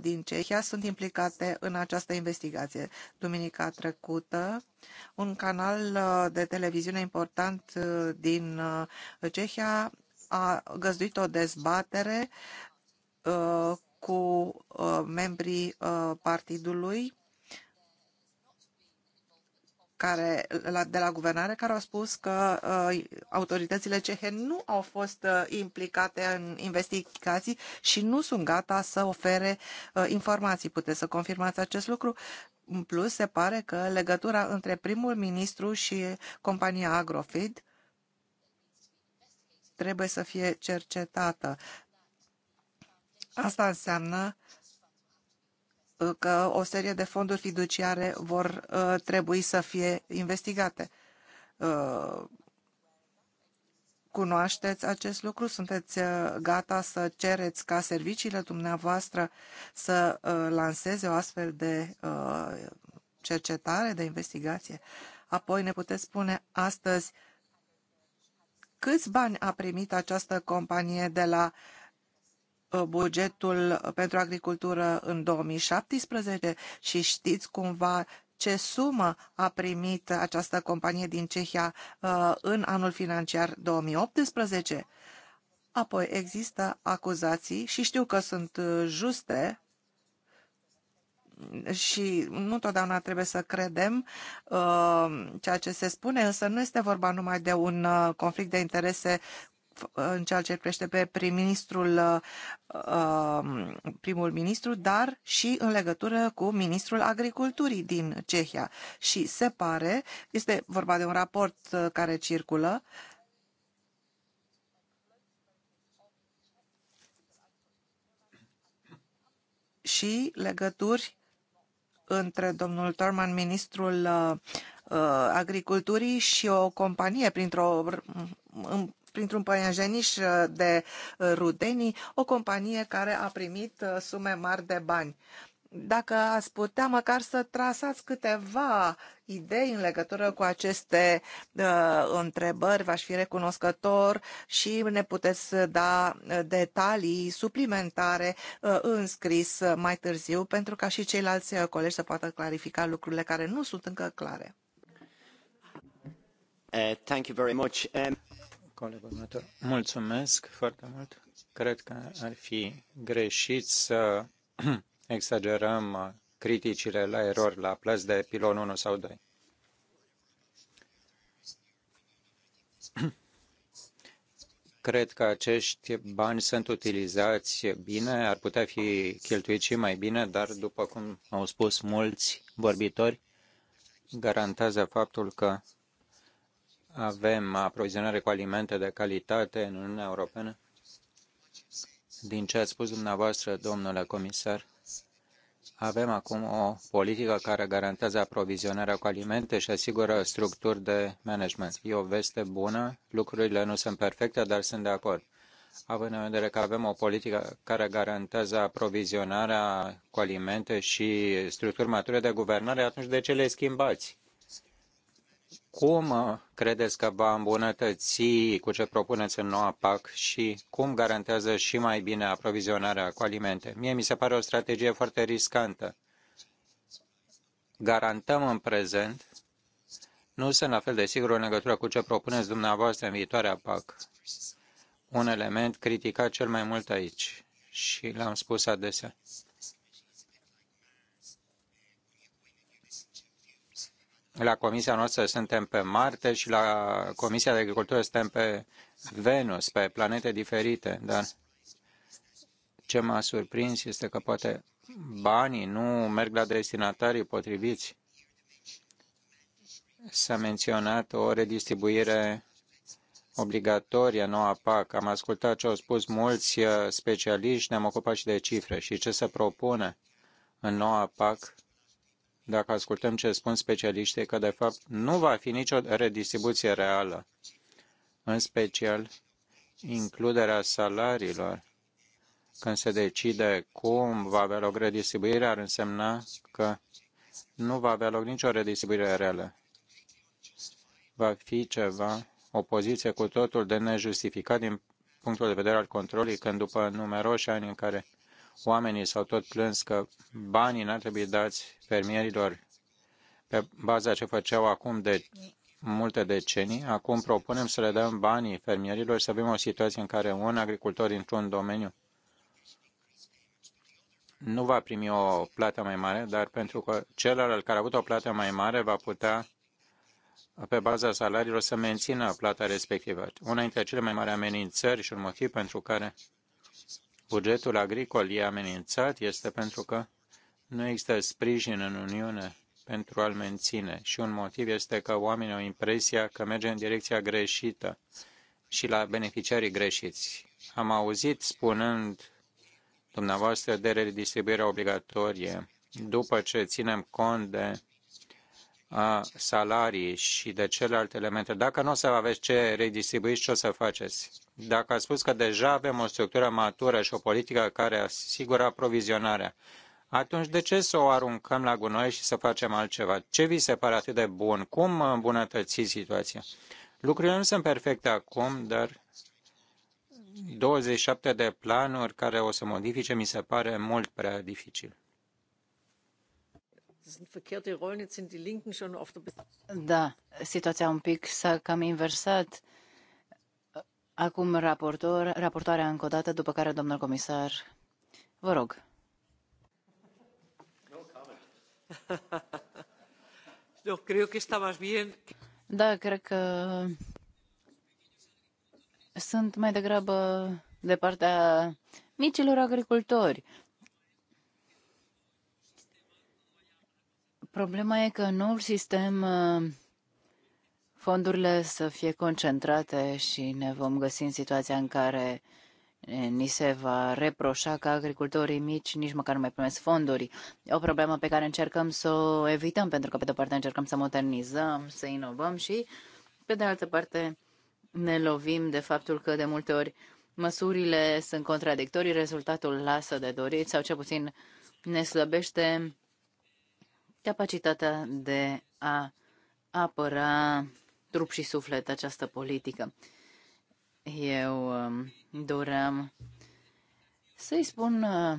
din Cehia sunt implicate în această investigație. Duminica trecută, un canal de televiziune important din Cehia a găzduit o dezbatere cu uh, membrii uh, partidului care, de la guvernare care au spus că uh, autoritățile cehe nu au fost uh, implicate în investigații și nu sunt gata să ofere uh, informații. Puteți să confirmați acest lucru? În plus, se pare că legătura între primul ministru și compania Agrofid trebuie să fie cercetată. Asta înseamnă uh, că o serie de fonduri fiduciare vor uh, trebui să fie investigate. Uh, cunoașteți acest lucru? Sunteți gata să cereți ca serviciile dumneavoastră să lanseze o astfel de cercetare, de investigație? Apoi ne puteți spune astăzi câți bani a primit această companie de la Uh, bugetul uh, pentru agricultură în 2017 și știți cumva ce sumă a primit această companie din Cehia uh, în anul financiar 2018. Apoi există acuzații și știu că sunt juste și nu totdeauna trebuie să credem ceea ce se spune, însă nu este vorba numai de un conflict de interese în ceea ce prește pe prim-ministrul, uh, um, primul ministru, dar și în legătură cu ministrul agriculturii din Cehia. Și se pare, este vorba de un raport uh, care circulă, și legături între domnul Torman, ministrul uh, uh, agriculturii și o companie printr-o um, printr-un păianjeniș uh, de uh, rudenii, o companie care a primit uh, sume mari de bani. Dacă ați putea măcar să trasați câteva idei în legătură cu aceste uh, întrebări, v-aș fi recunoscător și ne puteți da detalii suplimentare uh, înscris mai târziu, pentru ca și ceilalți colegi să poată clarifica lucrurile care nu sunt încă clare. Uh, thank you very much. Um... Colegul meu, mulțumesc foarte mult. Cred că ar fi greșit să exagerăm criticile la erori la plăți de pilon 1 sau 2. Cred că acești bani sunt utilizați bine, ar putea fi cheltuiți și mai bine, dar după cum au spus mulți vorbitori, garantează faptul că avem aprovizionare cu alimente de calitate în Uniunea Europeană? Din ce ați spus dumneavoastră, domnule comisar, avem acum o politică care garantează aprovizionarea cu alimente și asigură structuri de management. E o veste bună, lucrurile nu sunt perfecte, dar sunt de acord. Având în vedere că avem o politică care garantează aprovizionarea cu alimente și structuri mature de guvernare, atunci de ce le schimbați? Cum uh, credeți că va îmbunătăți cu ce propuneți în noua PAC și cum garantează și mai bine aprovizionarea cu alimente? Mie mi se pare o strategie foarte riscantă. Garantăm în prezent, nu sunt la fel de sigur în legătură cu ce propuneți dumneavoastră în viitoarea PAC. Un element criticat cel mai mult aici și l-am spus adesea. La comisia noastră suntem pe Marte și la Comisia de Agricultură suntem pe Venus, pe planete diferite, dar ce m-a surprins este că poate banii nu merg la destinatarii potriviți. S-a menționat o redistribuire obligatorie noua PAC. Am ascultat ce au spus mulți uh, specialiști, ne-am ocupat și de cifre și ce se propune în noua PAC dacă ascultăm ce spun specialiștii, că de fapt nu va fi nicio redistribuție reală, în special includerea salariilor. Când se decide cum va avea loc redistribuirea, ar însemna că nu va avea loc nicio redistribuire reală. Va fi ceva, o poziție cu totul de nejustificat din punctul de vedere al controlului, când după numeroși ani în care Oamenii s-au tot plâns că banii n-ar trebui dați fermierilor pe baza ce făceau acum de multe decenii. Acum propunem să le dăm banii fermierilor să avem o situație în care un agricultor într-un domeniu nu va primi o plată mai mare, dar pentru că celălalt care a avut o plată mai mare va putea pe baza salariilor să mențină plata respectivă. Una dintre cele mai mari amenințări și un motiv pentru care bugetul agricol e amenințat este pentru că nu există sprijin în Uniune pentru a-l menține și un motiv este că oamenii au impresia că merge în direcția greșită și la beneficiarii greșiți. Am auzit spunând dumneavoastră de redistribuirea obligatorie după ce ținem cont de salarii și de celelalte elemente. Dacă nu o să aveți ce redistribui, ce o să faceți? Dacă ați spus că deja avem o structură matură și o politică care asigură aprovizionarea, atunci de ce să o aruncăm la gunoi și să facem altceva? Ce vi se pare atât de bun? Cum îmbunătăți situația? Lucrurile nu sunt perfecte acum, dar 27 de planuri care o să modifice mi se pare mult prea dificil. Da, situația un pic s-a cam inversat. Acum raportor, raportoarea încă o dată, după care domnul comisar, vă rog. No cred că está más bien. Da, cred că sunt mai degrabă de partea micilor agricultori. Problema e că noul sistem uh, fondurile să fie concentrate și ne vom găsi în situația în care eh, ni se va reproșa că agricultorii mici nici măcar nu mai primesc fonduri. E o problemă pe care încercăm să o evităm, pentru că, pe de-o parte, încercăm să modernizăm, să inovăm și, pe de altă parte, ne lovim de faptul că, de multe ori, măsurile sunt contradictorii, rezultatul lasă de dorit sau, cel puțin, ne slăbește capacitatea de a apăra trup și suflet această politică. Eu um, doream să-i spun uh,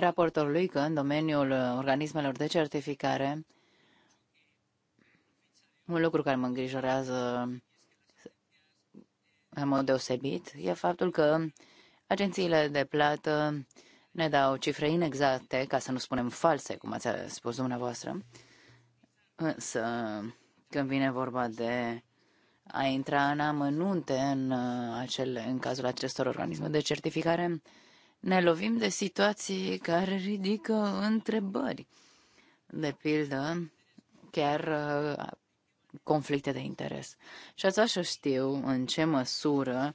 raportorului că în domeniul uh, organismelor de certificare, un lucru care mă îngrijorează în mod deosebit e faptul că agențiile de plată ne dau cifre inexacte, ca să nu spunem false, cum ați spus dumneavoastră, însă când vine vorba de a intra în amănunte în, uh, acel, în cazul acestor organisme de certificare, ne lovim de situații care ridică întrebări. De pildă, chiar uh, conflicte de interes. Și ați așa știu în ce măsură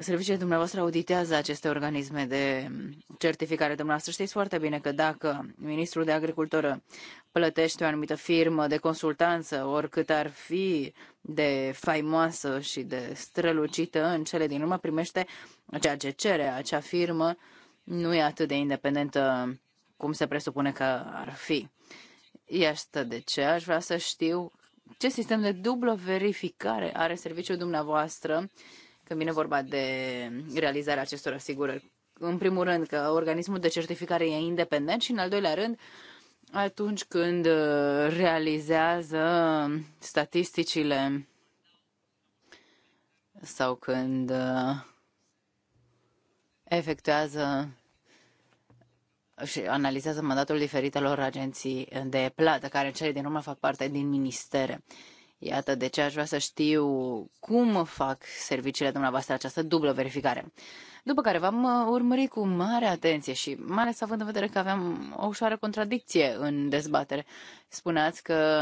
serviciile dumneavoastră auditează aceste organisme de certificare. Dumneavoastră știți foarte bine că dacă ministrul de agricultură plătește o anumită firmă de consultanță, oricât ar fi de faimoasă și de strălucită, în cele din urmă primește ceea ce cere acea firmă, nu e atât de independentă cum se presupune că ar fi. Iată de ce aș vrea să știu ce sistem de dublă verificare are serviciul dumneavoastră când vine vorba de realizarea acestor asigurări. În primul rând că organismul de certificare e independent și în al doilea rând atunci când uh, realizează statisticile sau când uh, efectuează și analizează mandatul diferitelor agenții de plată, care în cele din urmă fac parte din ministere. Iată de ce aș vrea să știu cum fac serviciile dumneavoastră această dublă verificare. După care v-am uh, urmărit cu mare atenție și mai ales având în vedere că aveam o ușoară contradicție în dezbatere. Spuneați că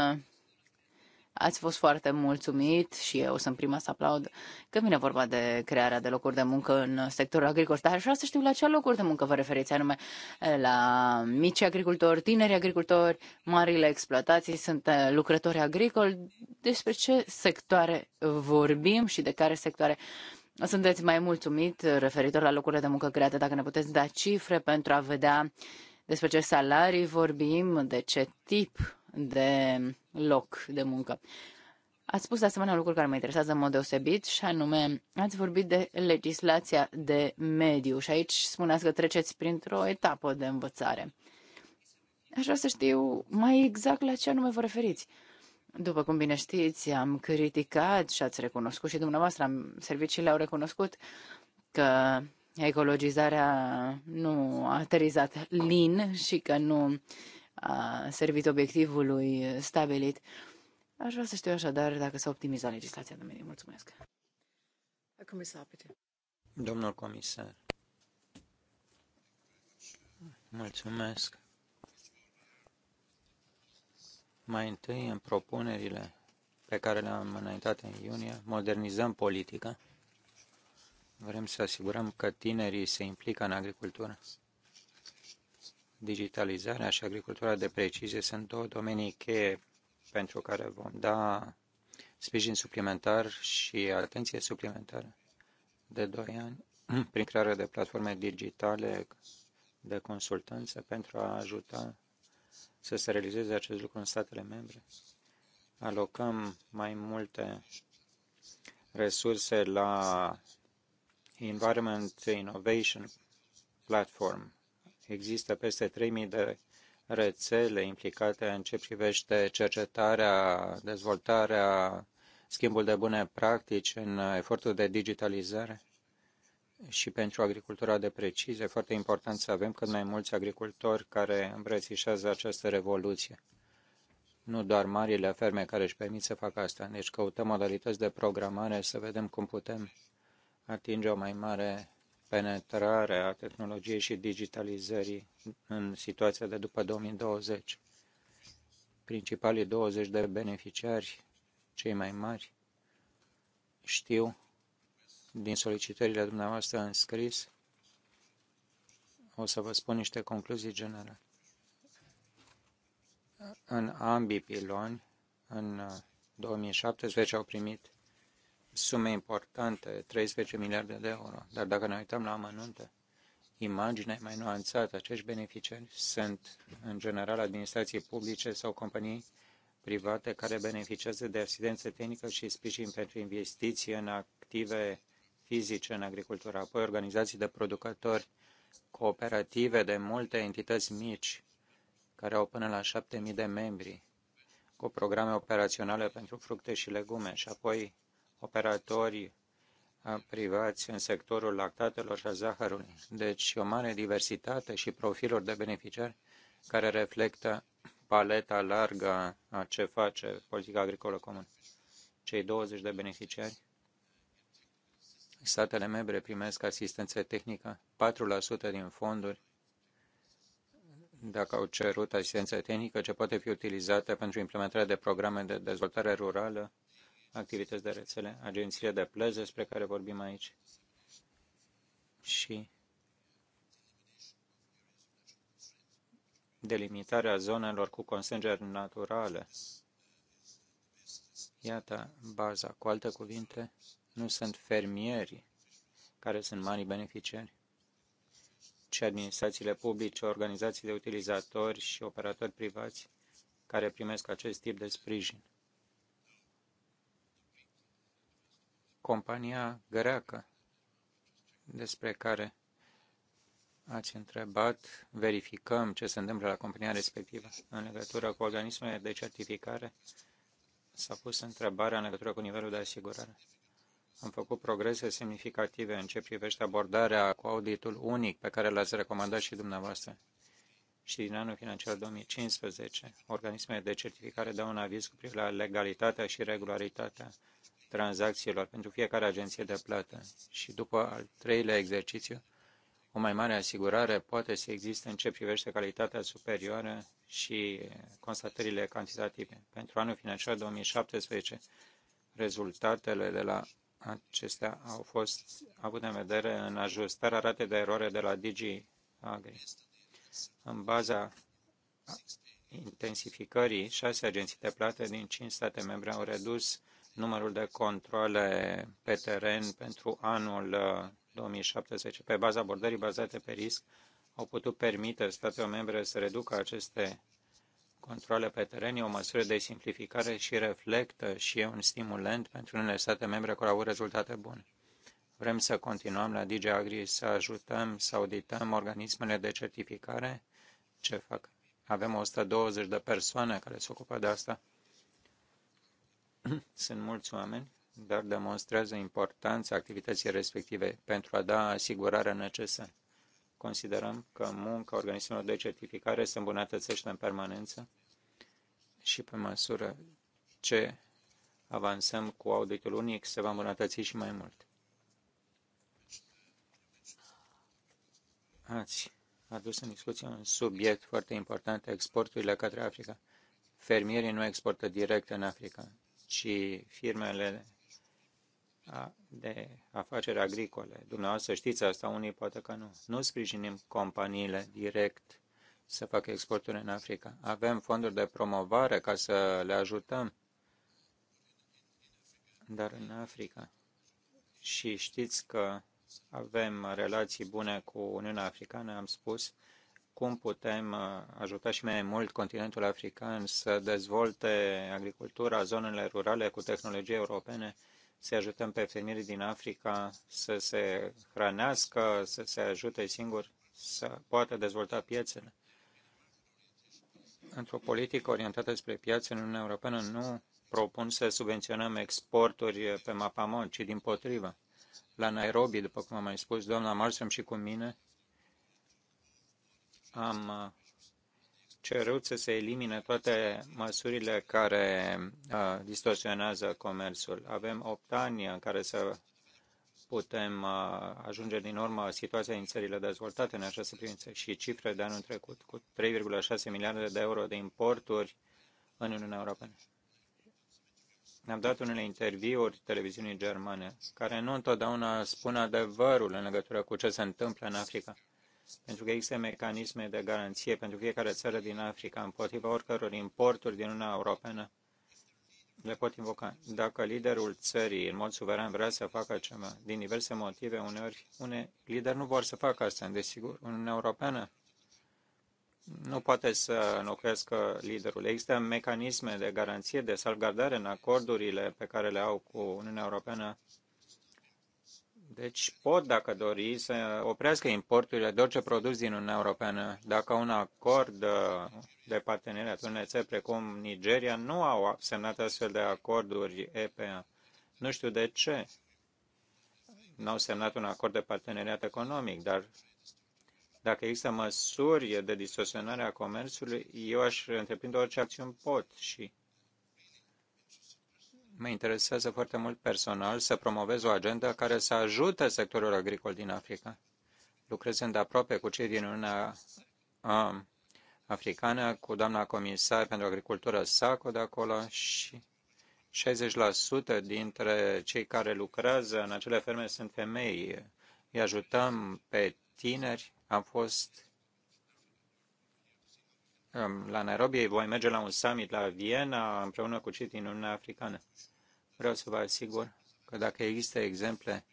Ați fost foarte mulțumit și eu sunt prima să aplaud că vine vorba de crearea de locuri de muncă în sectorul agricol. Dar aș vrea să știu la ce locuri de muncă vă referiți, anume la mici agricultori, tineri agricultori, marile exploatații, sunt eh, lucrători agricoli. Despre ce sectoare vorbim și de care sectoare sunteți mai mulțumit referitor la locurile de muncă create, dacă ne puteți da cifre pentru a vedea despre ce salarii vorbim, de ce tip de loc de muncă. Ați spus de asemenea lucruri care mă interesează în mod deosebit și anume ați vorbit de legislația de mediu și aici spuneați că treceți printr-o etapă de învățare. Aș vrea să știu mai exact la ce anume vă referiți. După cum bine știți, am criticat și ați recunoscut și dumneavoastră, serviciile au recunoscut că ecologizarea nu a aterizat lin și că nu a servit obiectivului stabilit. Aș vrea să știu așadar dacă s-a optimizat legislația în domeniu. Mulțumesc. Comisar, Domnul comisar. Mulțumesc. Mai întâi, în propunerile pe care le-am înaintat în iunie, modernizăm politica. Vrem să asigurăm că tinerii se implică în agricultură digitalizarea și agricultura de precizie sunt două domenii cheie pentru care vom da sprijin suplimentar și atenție suplimentară de 2 ani prin crearea de platforme digitale de consultanță pentru a ajuta să se realizeze acest lucru în statele membre. Alocăm mai multe resurse la Environment Innovation Platform, Există peste 3.000 de rețele implicate în ce privește cercetarea, dezvoltarea, schimbul de bune practici în efortul de digitalizare și pentru agricultura de precizie. E foarte important să avem cât mai mulți agricultori care îmbrățișează această revoluție. Nu doar marile ferme care își permit să facă asta. Deci căutăm modalități de programare să vedem cum putem atinge o mai mare penetrarea tehnologiei și digitalizării în situația de după 2020. Principalii 20 de beneficiari, cei mai mari, știu din solicitările dumneavoastră în scris, o să vă spun niște concluzii generale. În ambii piloni, în 2017 au primit sume importante, 13 miliarde de euro. Dar dacă ne uităm la amănunte, imaginea e mai nuanțată. Acești beneficiari sunt, în general, administrații publice sau companii private care beneficiază de asistență tehnică și sprijin pentru investiții în active fizice în agricultură, apoi organizații de producători, cooperative de multe entități mici, care au până la 7.000 de membri, cu programe operaționale pentru fructe și legume și apoi operatori privați în sectorul lactatelor și a zahărului. Deci o mare diversitate și profiluri de beneficiari care reflectă paleta largă a ce face politica agricolă comună. Cei 20 de beneficiari, statele membre primesc asistență tehnică, 4% din fonduri, dacă au cerut asistență tehnică, ce poate fi utilizată pentru implementarea de programe de dezvoltare rurală, activități de rețele, agențiile de plăți despre care vorbim aici și delimitarea zonelor cu consângeri naturale. Iată baza. Cu alte cuvinte, nu sunt fermieri care sunt mari beneficiari, ci administrațiile publice, organizații de utilizatori și operatori privați care primesc acest tip de sprijin. compania greacă despre care ați întrebat, verificăm ce se întâmplă la compania respectivă în legătură cu organismele de certificare. S-a pus întrebarea în legătură cu nivelul de asigurare. Am făcut progrese semnificative în ce privește abordarea cu auditul unic pe care l-ați recomandat și dumneavoastră. Și din anul financiar 2015, organismele de certificare dau un aviz cu privire la legalitatea și regularitatea tranzacțiilor pentru fiecare agenție de plată și după al treilea exercițiu, o mai mare asigurare poate să existe în ce privește calitatea superioară și constatările cantitative. Pentru anul financiar 2017, rezultatele de la acestea au fost avute în vedere în ajustarea ratei de eroare de la Digi Agri. În baza intensificării, șase agenții de plată din cinci state membre au redus numărul de controle pe teren pentru anul 2017 uh, pe baza abordării bazate pe risc au putut permite statelor membre să reducă aceste controle pe teren. E o măsură de simplificare și reflectă și e un stimulent pentru unele state membre care au avut rezultate bune. Vrem să continuăm la DG Agri să ajutăm să audităm organismele de certificare. Ce fac? Avem 120 de persoane care se ocupă de asta sunt mulți oameni, dar demonstrează importanța activității respective pentru a da asigurarea necesară. Considerăm că munca organismelor de certificare se îmbunătățește în permanență și pe măsură ce avansăm cu auditul unic, se va îmbunătăți și mai mult. Ați adus în discuție un subiect foarte important, exporturile către Africa. Fermierii nu exportă direct în Africa ci firmele de afaceri agricole. Dumneavoastră știți asta, unii poate că nu. Nu sprijinim companiile direct să facă exporturi în Africa. Avem fonduri de promovare ca să le ajutăm, dar în Africa. Și știți că avem relații bune cu Uniunea Africană, am spus, cum putem uh, ajuta și mai mult continentul african să dezvolte agricultura, zonele rurale cu tehnologie europene, să ajutăm pe fermierii din Africa să se hrănească, să se ajute singuri, să poată dezvolta piețele. Într-o politică orientată spre piață în Uniunea Europeană nu propun să subvenționăm exporturi pe mapamon, ci din potrivă. La Nairobi, după cum am mai spus, doamna Marsham și cu mine, am uh, cerut să se elimine toate măsurile care uh, distorsionează comerțul. Avem 8 ani în care să putem uh, ajunge din urmă situația din țările dezvoltate în această privință și cifre de anul trecut cu 3,6 miliarde de euro de importuri în Uniunea Europeană. Ne-am dat unele interviuri televiziunii germane, care nu întotdeauna spun adevărul în legătură cu ce se întâmplă în Africa pentru că există mecanisme de garanție pentru fiecare țară din Africa împotriva oricăror importuri din Uniunea Europeană le pot invoca. Dacă liderul țării, în mod suveran, vrea să facă ceva, din diverse motive, uneori, une lideri nu vor să facă asta, desigur. Uniunea Europeană nu poate să înlocuiască liderul. Există mecanisme de garanție, de salvgardare în acordurile pe care le au cu Uniunea Europeană deci pot, dacă dori, să oprească importurile de orice produs din Uniunea Europeană. Dacă un acord uh, de parteneriat unei țări precum Nigeria nu au semnat astfel de acorduri EPA, nu știu de ce. Nu au semnat un acord de parteneriat economic, dar dacă există măsuri de distorsionare a comerțului, eu aș întreprinde orice acțiuni pot și Mă interesează foarte mult personal să promovez o agendă care să ajute sectorul agricol din Africa. Lucrez aproape cu cei din Uniunea um, Africană, cu doamna comisar pentru agricultură SACO de acolo și 60% dintre cei care lucrează în acele ferme sunt femei. Îi ajutăm pe tineri. Am fost la Nairobi, voi merge la un summit la Viena împreună cu cei din Uniunea Africană. Vreau să vă asigur că dacă există exemple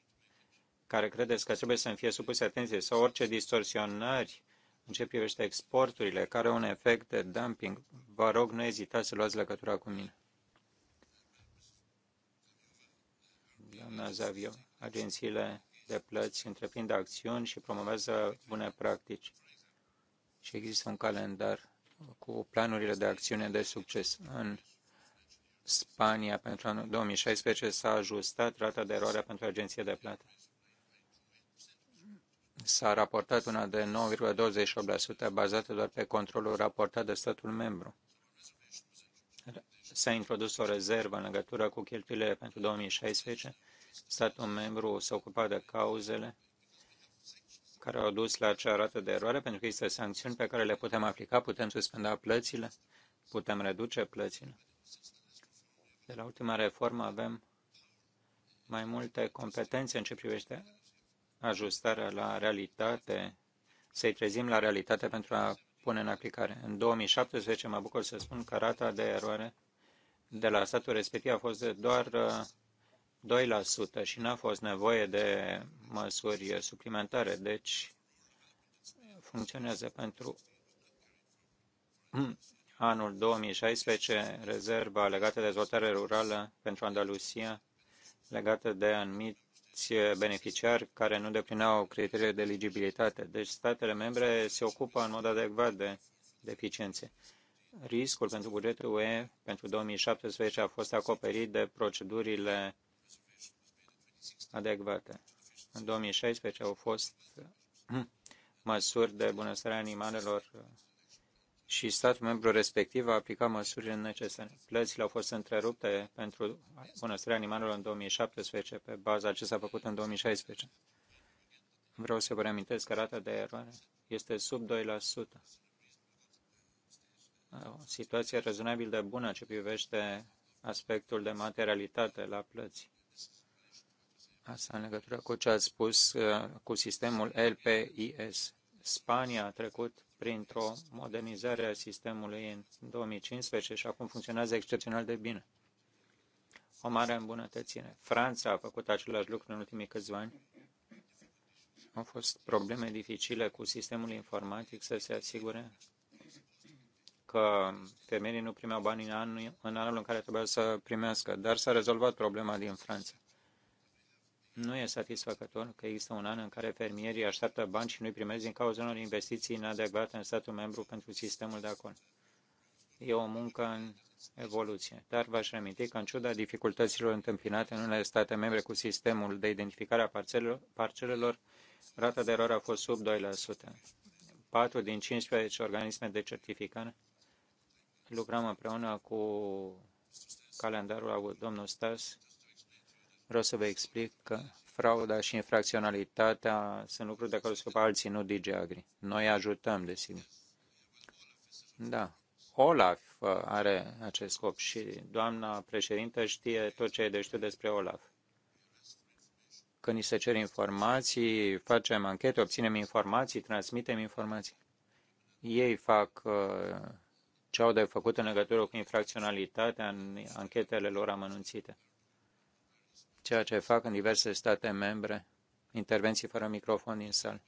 care credeți că trebuie să fie supuse atenție sau orice distorsionări în ce privește exporturile, care au un efect de dumping, vă rog, nu ezitați să luați legătura cu mine. Doamna Zavio, agențiile de plăți întreprind acțiuni și promovează bune practici. Și există un calendar cu planurile de acțiune de succes. În Spania pentru anul 2016 s-a ajustat rata de eroare pentru agenție de plată. S-a raportat una de 9,28% bazată doar pe controlul raportat de statul membru. S-a introdus o rezervă în legătură cu cheltuielile pentru 2016. Statul membru s-a ocupat de cauzele care au dus la acea rată de eroare, pentru că există sancțiuni pe care le putem aplica, putem suspenda plățile, putem reduce plățile. De la ultima reformă avem mai multe competențe în ce privește ajustarea la realitate, să-i trezim la realitate pentru a pune în aplicare. În 2017 mă bucur să spun că rata de eroare de la statul respectiv a fost de doar uh, 2% și n-a fost nevoie de măsuri suplimentare, deci funcționează pentru anul 2016 rezerva legată de dezvoltare rurală pentru Andalusia, legată de anumit beneficiari care nu deplineau criteriile de eligibilitate. Deci statele membre se ocupă în mod adecvat de deficiențe. Riscul pentru bugetul UE pentru 2017 a fost acoperit de procedurile adecvate. În 2016 au fost măsuri de bunăstare animalelor și statul membru respectiv a aplicat măsurile necesare. Plățile au fost întrerupte pentru bunăstarea animalelor în 2017, pe baza ce s-a făcut în 2016. Vreau să vă reamintesc că rata de eroare este sub 2%. O situație rezonabil de bună ce privește aspectul de materialitate la plăți. Asta în legătură cu ce ați spus uh, cu sistemul LPIS. Spania a trecut printr-o modernizare a sistemului în 2015 și acum funcționează excepțional de bine. O mare îmbunătățire. Franța a făcut același lucru în ultimii câțiva ani. Au fost probleme dificile cu sistemul informatic să se asigure că femeii nu primeau bani în anul în, anul în care trebuia să primească, dar s-a rezolvat problema din Franța. Nu e satisfăcător că există un an în care fermierii așteaptă bani și nu-i primez din cauza unor investiții inadecvate în statul membru pentru sistemul de acolo. E o muncă în evoluție, dar v-aș reminti că în ciuda dificultăților întâmpinate în unele state membre cu sistemul de identificare a parcelelor, parcelelor rata de eroare a fost sub 2%. 4 din 15 organisme de certificare lucrăm împreună cu calendarul domnul Stas Vreau să vă explic că frauda și infracționalitatea sunt lucruri de care scopă alții, nu DJ Agri. Noi ajutăm, desigur. Da. Olaf uh, are acest scop și doamna președintă știe tot ce e de știu despre Olaf. Când ni se cer informații, facem anchete, obținem informații, transmitem informații. Ei fac uh, ce au de făcut în legătură cu infracționalitatea în anchetele lor amănunțite ceea ce fac în diverse state membre. Intervenții fără microfon din sală.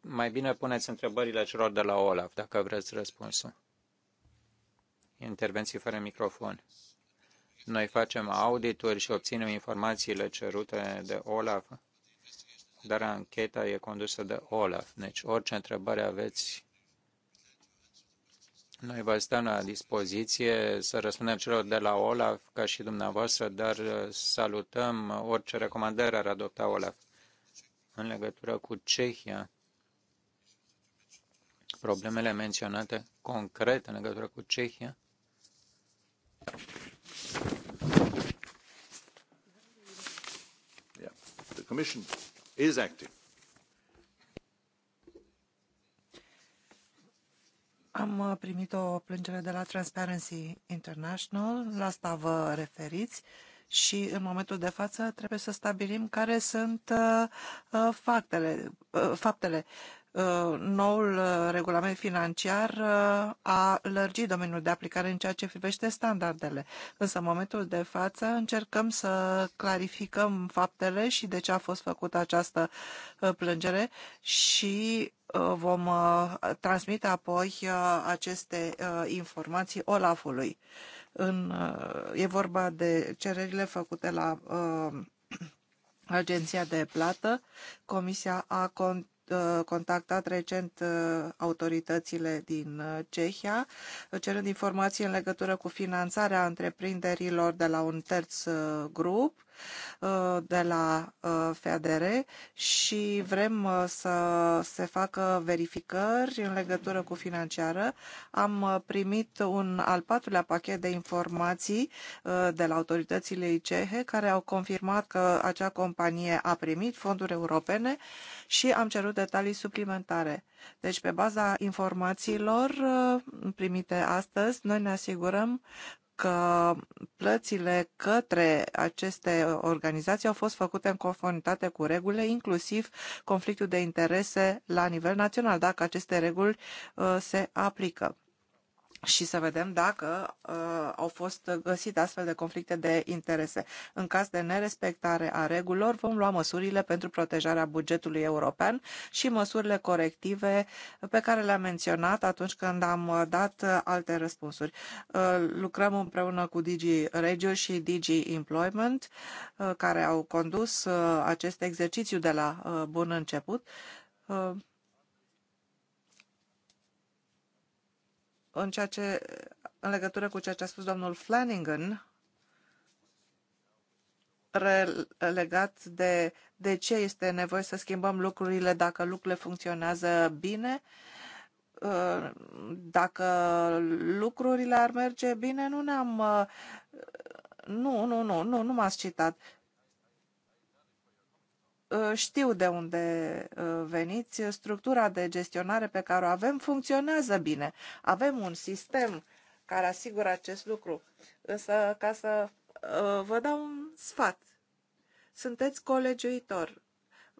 Mai bine puneți întrebările celor de la Olaf, dacă vreți răspunsul. Intervenții fără microfon. Noi facem audituri și obținem informațiile cerute de Olaf, dar ancheta e condusă de Olaf. Deci orice întrebare aveți noi vă stăm la dispoziție să răspundem celor de la OLAF, ca și dumneavoastră, dar uh, salutăm orice recomandare ar adopta OLAF în legătură cu Cehia. Problemele menționate concret în legătură cu Cehia. Yeah. The Commission is active. Am uh, primit o plângere de la Transparency International, la asta vă referiți și în momentul de față trebuie să stabilim care sunt uh, uh faptele. Uh, faptele. Uh, noul uh, regulament financiar uh, a lărgit domeniul de aplicare în ceea ce privește standardele. Însă, în momentul de față, încercăm să clarificăm faptele și de ce a fost făcută această plângere și vom transmite apoi aceste informații Olafului. În, e vorba de cererile făcute la Agenția de Plată. Comisia a continuat Uh, contactat recent uh, autoritățile din uh, Cehia, cerând informații în legătură cu finanțarea întreprinderilor de la un terț grup Uh, de la uh, FADR și vrem uh, să se facă verificări în legătură cu financiară. Am primit un al patrulea pachet de informații de la autoritățile cehe care au confirmat că acea companie a primit fonduri europene și am cerut detalii suplimentare. Deci, pe baza informațiilor primite astăzi, noi ne asigurăm că plățile către aceste organizații au fost făcute în conformitate cu regulile, inclusiv conflictul de interese la nivel național, dacă aceste reguli uh, se aplică și să vedem dacă uh, au fost găsite astfel de conflicte de interese. În caz de nerespectare a regulilor, vom lua măsurile pentru protejarea bugetului european și măsurile corective pe care le-am menționat atunci când am uh, dat uh, alte răspunsuri. Uh, lucrăm împreună cu Digi Regio și Digi Employment, uh, care au condus uh, acest exercițiu de la uh, bun început. Uh, în, ceea ce, în legătură cu ceea ce a spus domnul Flanagan legat de de ce este nevoie să schimbăm lucrurile dacă lucrurile funcționează bine. Dacă lucrurile ar merge bine, nu ne-am... Nu, nu, nu, nu, nu m-ați citat. Ă, știu de unde ă, veniți, structura de gestionare pe care o avem funcționează bine. Avem un sistem care asigură acest lucru. Însă, ca să ă, vă dau un sfat, sunteți colegiuitor,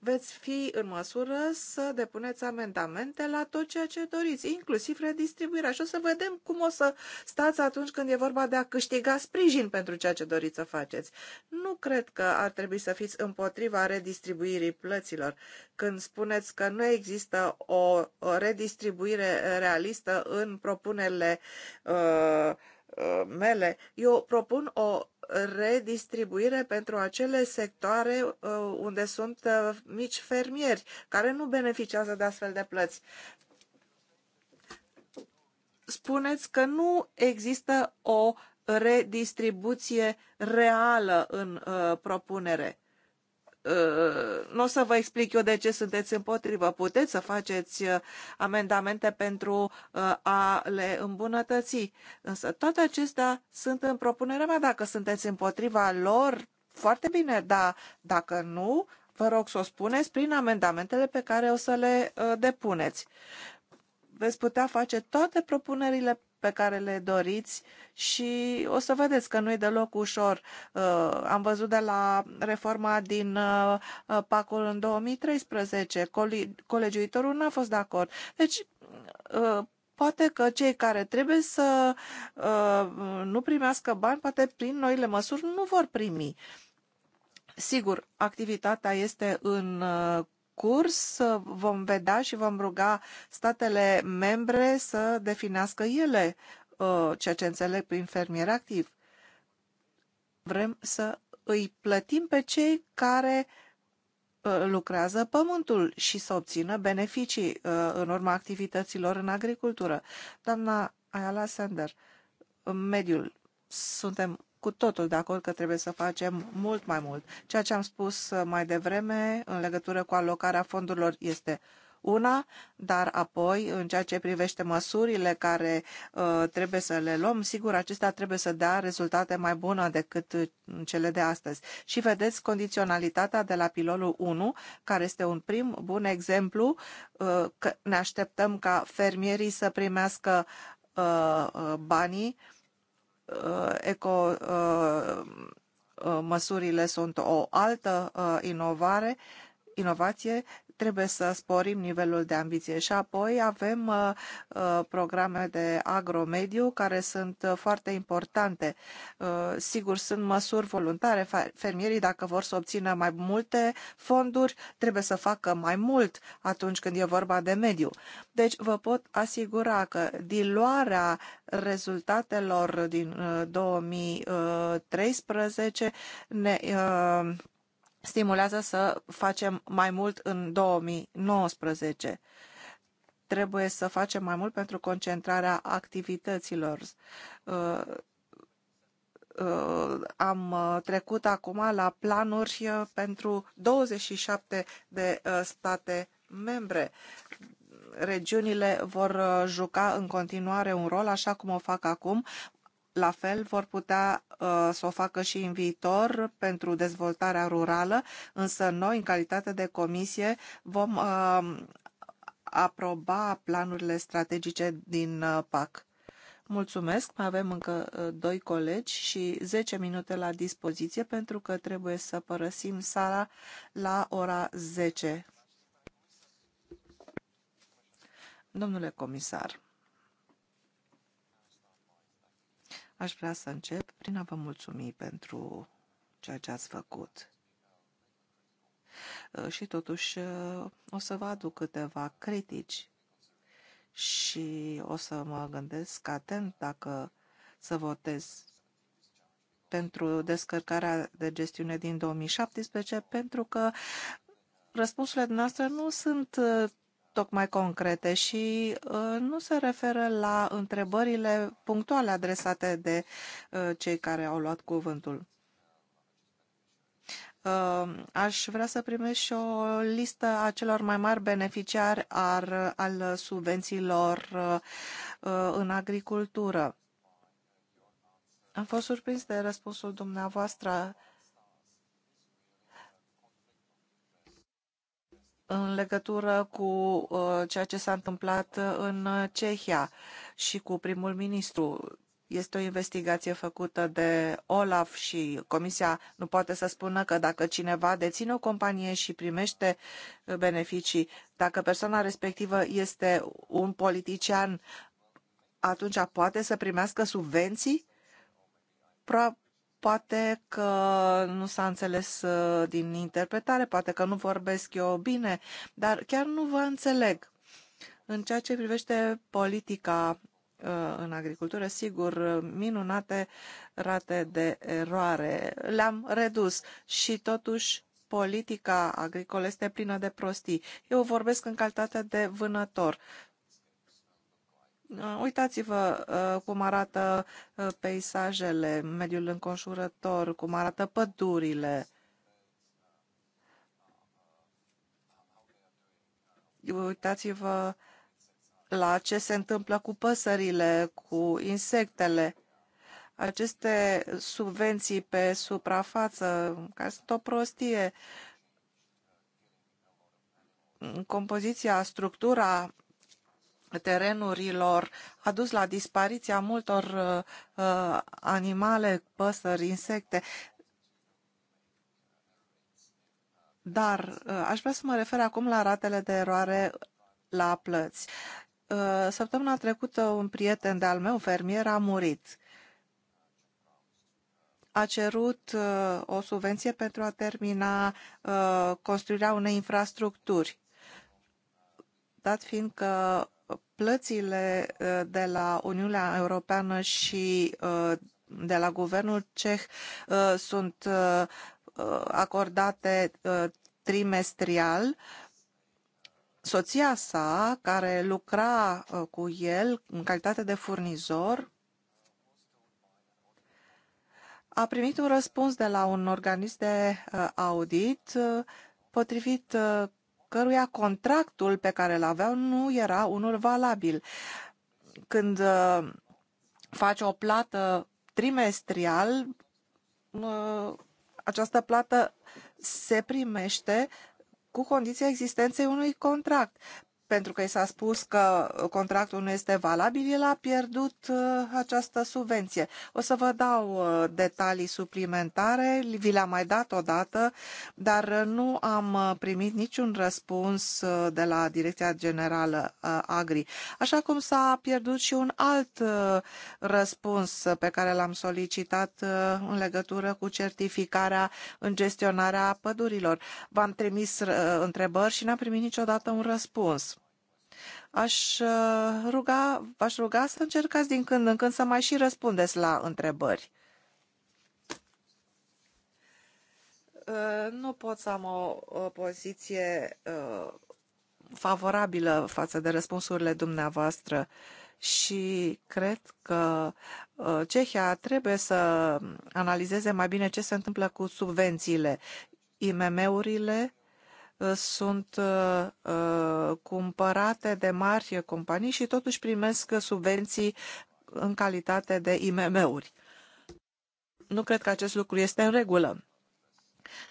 veți fi în măsură să depuneți amendamente la tot ceea ce doriți, inclusiv redistribuirea. Și o să vedem cum o să stați atunci când e vorba de a câștiga sprijin pentru ceea ce doriți să faceți. Nu cred că ar trebui să fiți împotriva redistribuirii plăților. Când spuneți că nu există o redistribuire realistă în propunerile uh, uh mele, eu propun o redistribuire pentru acele sectoare uh, unde sunt uh, mici fermieri care nu beneficiază de astfel de plăți spuneți că nu există o redistribuție reală în uh, propunere nu o să vă explic eu de ce sunteți împotrivă. Puteți să faceți uh, amendamente pentru uh, a le îmbunătăți. Însă toate acestea sunt în propunerea mea. Dacă sunteți împotriva lor, foarte bine, dar dacă nu, vă rog să o spuneți prin amendamentele pe care o să le uh, depuneți. Veți putea face toate propunerile pe care le doriți și o să vedeți că nu e deloc ușor. Uh, am văzut de la reforma din uh, uh, pacul în 2013, colegiuitorul n-a fost de acord. Deci, poate că cei care trebuie să nu primească bani, poate prin noile măsuri nu vor primi. Sigur, activitatea este în Curs, vom vedea și vom ruga statele membre să definească ele uh, ceea ce înțeleg prin fermier activ. Vrem să îi plătim pe cei care uh, lucrează pământul și să obțină beneficii uh, în urma activităților în agricultură. Doamna Ayala Sender, mediul. Suntem cu totul de acord că trebuie să facem mult mai mult. Ceea ce am spus uh, mai devreme în legătură cu alocarea fondurilor este una, dar apoi, în ceea ce privește măsurile care uh, trebuie să le luăm, sigur, acestea trebuie să dea rezultate mai bune decât uh, cele de astăzi. Și vedeți condiționalitatea de la pilolul 1, care este un prim bun exemplu, uh, că ne așteptăm ca fermierii să primească uh, uh banii uh, Uh, eco uh, uh, măsurile sunt o altă inovare, inovație trebuie să sporim nivelul de ambiție și apoi avem uh, uh programe de agromediu care sunt uh, foarte importante. Uh, sigur, sunt măsuri voluntare. Fermierii, dacă vor să obțină mai multe fonduri, trebuie să facă mai mult atunci când e vorba de mediu. Deci vă pot asigura că diluarea rezultatelor din uh, 2013 uh, ne stimulează să facem mai mult în 2019. Trebuie să facem mai mult pentru concentrarea activităților. Uh, uh, am uh, trecut acum la planuri pentru 27 de state membre regiunile vor juca în continuare un rol, așa cum o fac acum, la fel vor putea uh, să o facă și în viitor pentru dezvoltarea rurală, însă noi, în calitate de comisie, vom uh, aproba planurile strategice din uh, PAC. Mulțumesc, mai avem încă uh, doi colegi și 10 minute la dispoziție pentru că trebuie să părăsim sala la ora 10. Domnule comisar. Aș vrea să încep prin a vă mulțumi pentru ceea ce ați făcut. Uh, și totuși uh, o să vă aduc câteva critici și o să mă gândesc atent dacă să votez pentru descărcarea de gestiune din 2017, pentru că răspunsurile noastre nu sunt uh, tocmai concrete și uh, nu se referă la întrebările punctuale adresate de uh, cei care au luat cuvântul. Uh, aș vrea să primești și o listă a celor mai mari beneficiari ar, al subvențiilor în agricultură. Am fost surprins de răspunsul dumneavoastră în legătură cu uh, ceea ce s-a întâmplat în Cehia și cu primul ministru. Este o investigație făcută de Olaf și Comisia nu poate să spună că dacă cineva deține o companie și primește beneficii, dacă persoana respectivă este un politician, atunci poate să primească subvenții? Poate că nu s-a înțeles uh, din interpretare, poate că nu vorbesc eu bine, dar chiar nu vă înțeleg. În ceea ce privește politica uh, în agricultură, sigur, minunate rate de eroare. Le-am redus și totuși politica agricolă este plină de prostii. Eu vorbesc în calitate de vânător Uh, uitați-vă uh, cum arată uh, peisajele, mediul înconjurător, cum arată pădurile. Uitați-vă la ce se întâmplă cu păsările, cu insectele. Aceste subvenții pe suprafață, care sunt o prostie, compoziția, structura terenurilor a dus la dispariția multor uh, uh, animale, păsări, insecte. Dar uh, aș vrea să mă refer acum la ratele de eroare la plăți. Uh, săptămâna trecută un prieten de-al meu, fermier, a murit. A cerut uh, o subvenție pentru a termina uh, construirea unei infrastructuri. Dat fiind că plățile uh, de la Uniunea Europeană și uh, de la guvernul ceh uh, sunt acordate trimestrial. Soția sa, care lucra cu el în calitate de furnizor, a primit un răspuns de la un organism de audit potrivit căruia contractul pe care îl aveau nu era unul valabil. Când uh, faci o plată trimestrial, uh, această plată se primește cu condiția existenței unui contract pentru că i s-a spus că contractul nu este valabil, el a pierdut uh, această subvenție. O să vă dau uh, detalii suplimentare, vi le-am mai dat odată, dar uh, nu am primit niciun răspuns de la Direcția Generală Agri. Așa cum s-a pierdut și un alt răspuns pe care l-am solicitat în legătură cu certificarea în gestionarea pădurilor. V-am trimis întrebări și n-am primit niciodată un răspuns. Aș uh, ruga, aș ruga să încercați din când în când să mai și răspundeți la întrebări. Uh, nu pot să am o, o poziție uh, favorabilă față de răspunsurile dumneavoastră și cred că Cehia trebuie să analizeze mai bine ce se întâmplă cu subvențiile. IMM-urile sunt uh, cumpărate de mari companii și totuși primesc subvenții în calitate de IMM-uri. Nu cred că acest lucru este în regulă.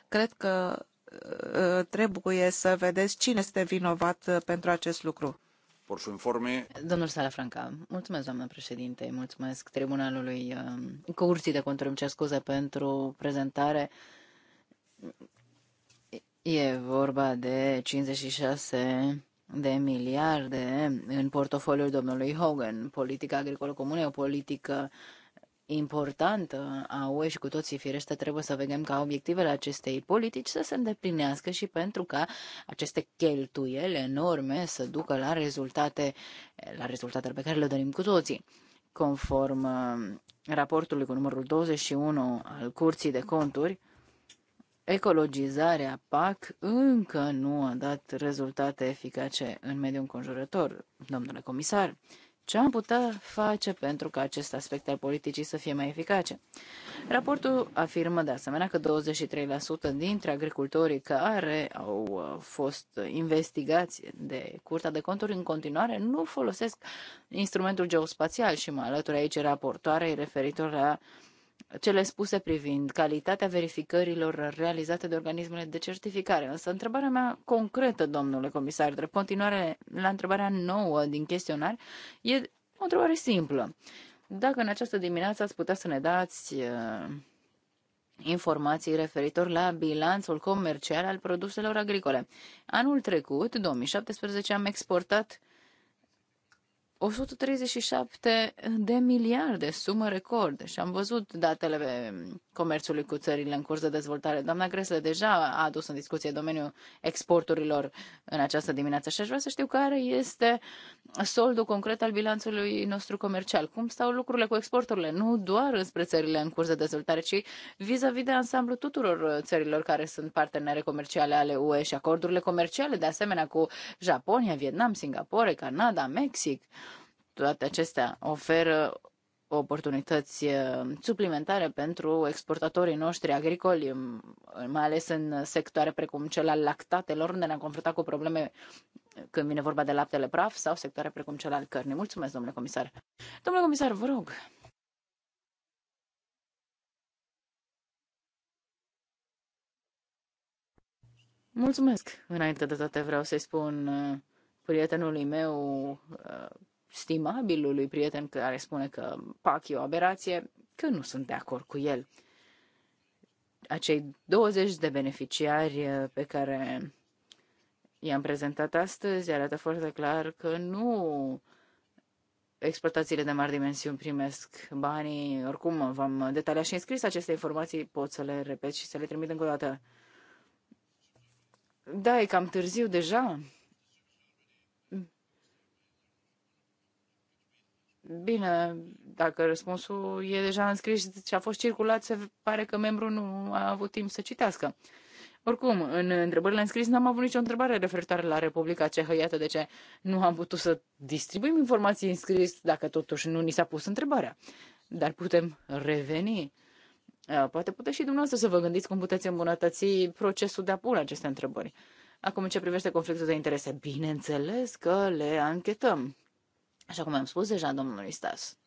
Cred că uh, trebuie să vedeți cine este vinovat uh, pentru acest lucru. Por su informe. Domnul Salafranca, mulțumesc, doamnă președinte, mulțumesc Tribunalului um, Curții de Conturi, îmi cer scuze pentru prezentare. E vorba de 56 de miliarde în portofoliul domnului Hogan. Politica agricolă comună e o politică importantă a UE și cu toții firește trebuie să vedem ca obiectivele acestei politici să se îndeplinească și pentru ca aceste cheltuieli enorme să ducă la rezultate, la rezultatele pe care le dorim cu toții. Conform uh, raportului cu numărul 21 al Curții de Conturi, ecologizarea PAC încă nu a dat rezultate eficace în mediul înconjurător, domnule comisar. Ce am putea face pentru ca acest aspect al politicii să fie mai eficace? Raportul afirmă de asemenea că 23% dintre agricultorii care au uh, fost investigați de Curtea de Conturi în continuare nu folosesc instrumentul geospațial și mă alătur aici raportoarei referitor la uh, cele spuse privind calitatea verificărilor realizate de organismele de certificare. Însă întrebarea mea concretă, domnule comisar, drept continuare la întrebarea nouă din chestionar, e o întrebare simplă. Dacă în această dimineață ați putea să ne dați uh, informații referitor la bilanțul comercial al produselor agricole. Anul trecut, 2017, am exportat 137 de miliarde, sumă record. Și am văzut datele comerțului cu țările în curs de dezvoltare. Doamna Gresle deja a adus în discuție domeniul exporturilor în această dimineață și aș vrea să știu care este soldul concret al bilanțului nostru comercial. Cum stau lucrurile cu exporturile, nu doar înspre țările în curs de dezvoltare, ci vis-a-vis -vis de ansamblu tuturor țărilor care sunt partenere comerciale ale UE și acordurile comerciale, de asemenea cu Japonia, Vietnam, Singapore, Canada, Mexic. Toate acestea oferă oportunități eh, suplimentare pentru exportatorii noștri agricoli, mm, mai ales în sectoare precum cel al lactatelor, unde ne-am confruntat cu probleme eh, când vine vorba de laptele praf sau sectoare precum cel al cărnii. Mulțumesc, domnule comisar. Domnule comisar, vă rog. Mulțumesc. Înainte de toate vreau să-i spun eh, prietenului meu stimabilului prieten care spune că PAC e o aberație, că nu sunt de acord cu el. Acei 20 de beneficiari uh, pe care i-am prezentat astăzi arată foarte clar că nu exploatațiile de mari dimensiuni primesc banii. Oricum, v-am detaliat și înscris aceste informații, pot să le repet și să le trimit încă o dată. Da, e cam târziu deja. Bine, dacă răspunsul e deja înscris și a fost circulat, se pare că membrul nu a avut timp să citească. Oricum, în întrebările înscris n-am avut nicio întrebare referitoare la Republica Cehă. Iată de ce nu am putut să distribuim informații înscris dacă totuși nu ni s-a pus întrebarea. Dar putem reveni. Poate puteți și dumneavoastră să vă gândiți cum puteți îmbunătăți procesul de a pune aceste întrebări. Acum, în ce privește conflictul de interese, bineînțeles că le anchetăm așa cum am spus deja domnului Stas.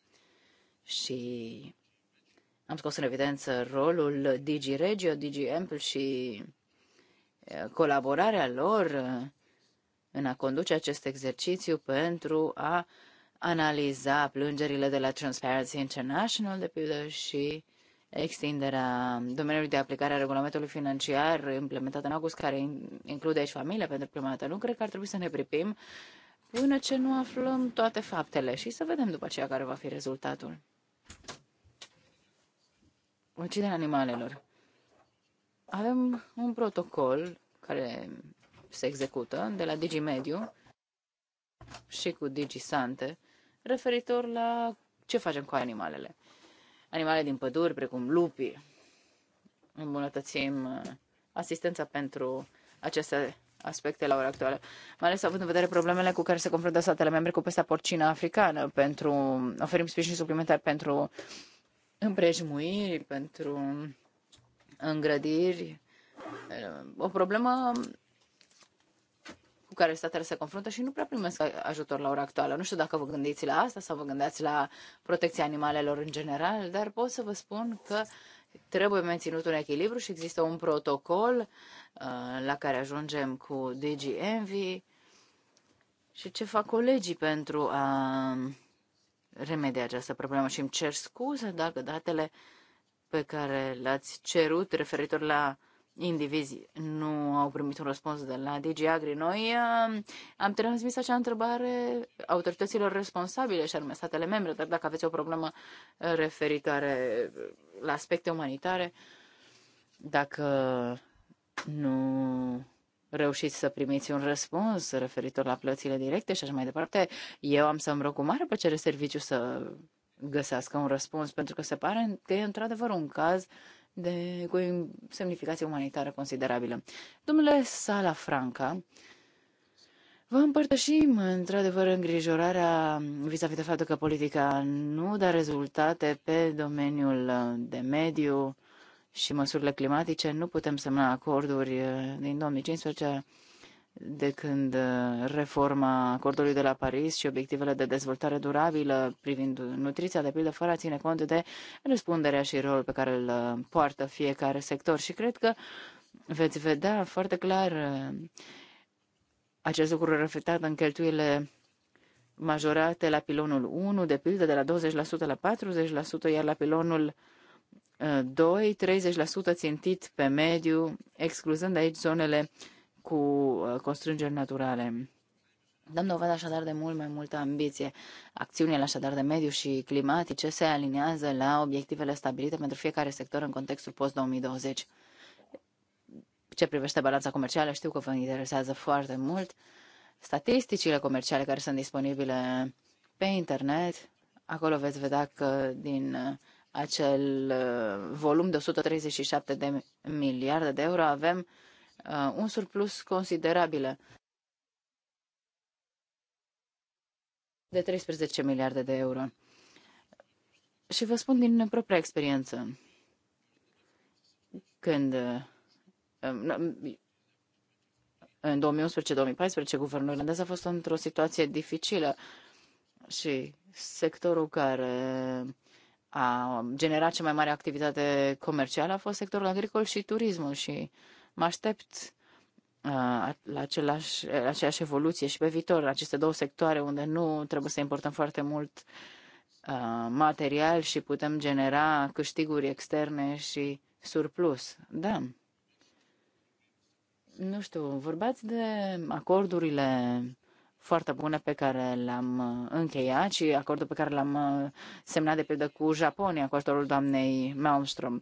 Și am scos în evidență rolul Digi Regio, Digi Ample și colaborarea lor în a conduce acest exercițiu pentru a analiza plângerile de la Transparency International, de pildă, și extinderea domeniului de aplicare a regulamentului financiar implementat în august, care include aici familia pentru prima dată. Nu cred că ar trebui să ne pripim până ce nu aflăm toate faptele și să vedem după aceea care va fi rezultatul. Uciderea animalelor. Avem un protocol care se execută de la DigiMediu și cu DigiSante referitor la ce facem cu animalele. Animale din păduri, precum lupii, îmbunătățim uh, asistența pentru aceste aspecte la ora actuală, mai ales având în vedere problemele cu care se confruntă statele membre cu pesta porcină africană. Pentru, oferim sprijin suplimentar pentru împrejmuiri, pentru îngrădiri. O problemă cu care statele se confruntă și nu prea primesc ajutor la ora actuală. Nu știu dacă vă gândiți la asta sau vă gândeați la protecția animalelor în general, dar pot să vă spun că uh, Trebuie menținut un echilibru și există un protocol uh, la care ajungem cu DGMV și ce fac colegii pentru a remedia această problemă și îmi cer scuze dacă datele pe care le-ați cerut referitor la uh, indivizi nu au primit un răspuns de la DG Agri. Noi um, am transmis acea întrebare autorităților responsabile și anume statele membre, dar dacă aveți o problemă referitoare la aspecte umanitare, dacă nu reușiți să primiți un răspuns referitor la plățile directe și așa mai departe, eu am să-mi rog cu mare plăcere serviciu să găsească un răspuns, pentru că se pare că e într-adevăr un caz de, cu semnificație umanitară considerabilă. Domnule Sala Franca, vă împărtășim într-adevăr îngrijorarea vis-a-vis -vis de faptul că politica nu dă rezultate pe domeniul de mediu și măsurile climatice. Nu putem semna acorduri uh, din 2015 de când uh, reforma acordului de la Paris și obiectivele de dezvoltare durabilă privind nutriția, de pildă, fără a ține cont de răspunderea și rolul pe care îl uh, poartă fiecare sector. Și cred că veți vedea foarte clar uh, acest lucru reflectat în cheltuielile majorate la pilonul 1, de pildă, de la 20% la 40%, iar la pilonul 2, 30% țintit pe mediu, excluzând aici zonele cu uh, constrângeri naturale. Dăm dovadă așadar de mult mai multă ambiție. Acțiunile așadar de mediu și climatice se aliniază la obiectivele stabilite pentru fiecare sector în contextul post-2020. Ce privește balanța comercială, știu că vă interesează foarte mult. Statisticile comerciale care sunt disponibile pe internet, acolo veți vedea că din uh, acel uh, volum de 137 de miliarde de euro avem Uh, un surplus considerabil de 13 miliarde de euro. Și vă spun din propria experiență, când uh, în 2011-2014 guvernul irlandez a fost într-o situație dificilă și sectorul care a generat cea mai mare activitate comercială a fost sectorul agricol și turismul și uh, Mă aștept uh, la, același, la aceeași evoluție și pe viitor, în aceste două sectoare unde nu trebuie să importăm foarte mult uh, material și putem genera câștiguri externe și surplus. Da. Nu știu, vorbați de acordurile foarte bune pe care le-am uh, încheiat și acordul pe care l-am semnat de pildă cu Japonia, cu ajutorul doamnei Malmström.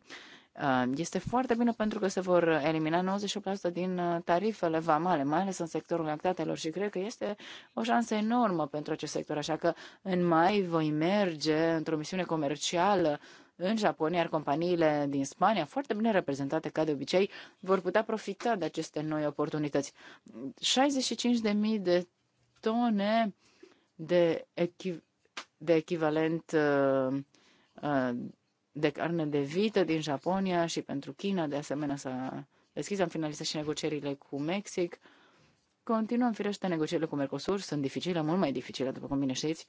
Uh, este foarte bine pentru că se vor elimina 98% din uh, tarifele vamale, mai ales în sectorul lactatelor și cred că este o șansă enormă pentru acest sector. Așa că în mai voi merge într-o misiune comercială în Japonia, iar companiile din Spania, foarte bine reprezentate ca de obicei, vor putea profita de aceste noi oportunități. 65.000 de tone de, echiv- de echivalent uh, uh, de carne de vită din Japonia și pentru China, de asemenea s-a deschis, am finalizat și negocierile cu Mexic. Continuăm, firește, negocierile cu Mercosur, sunt dificile, mult mai dificile, după cum bine știți.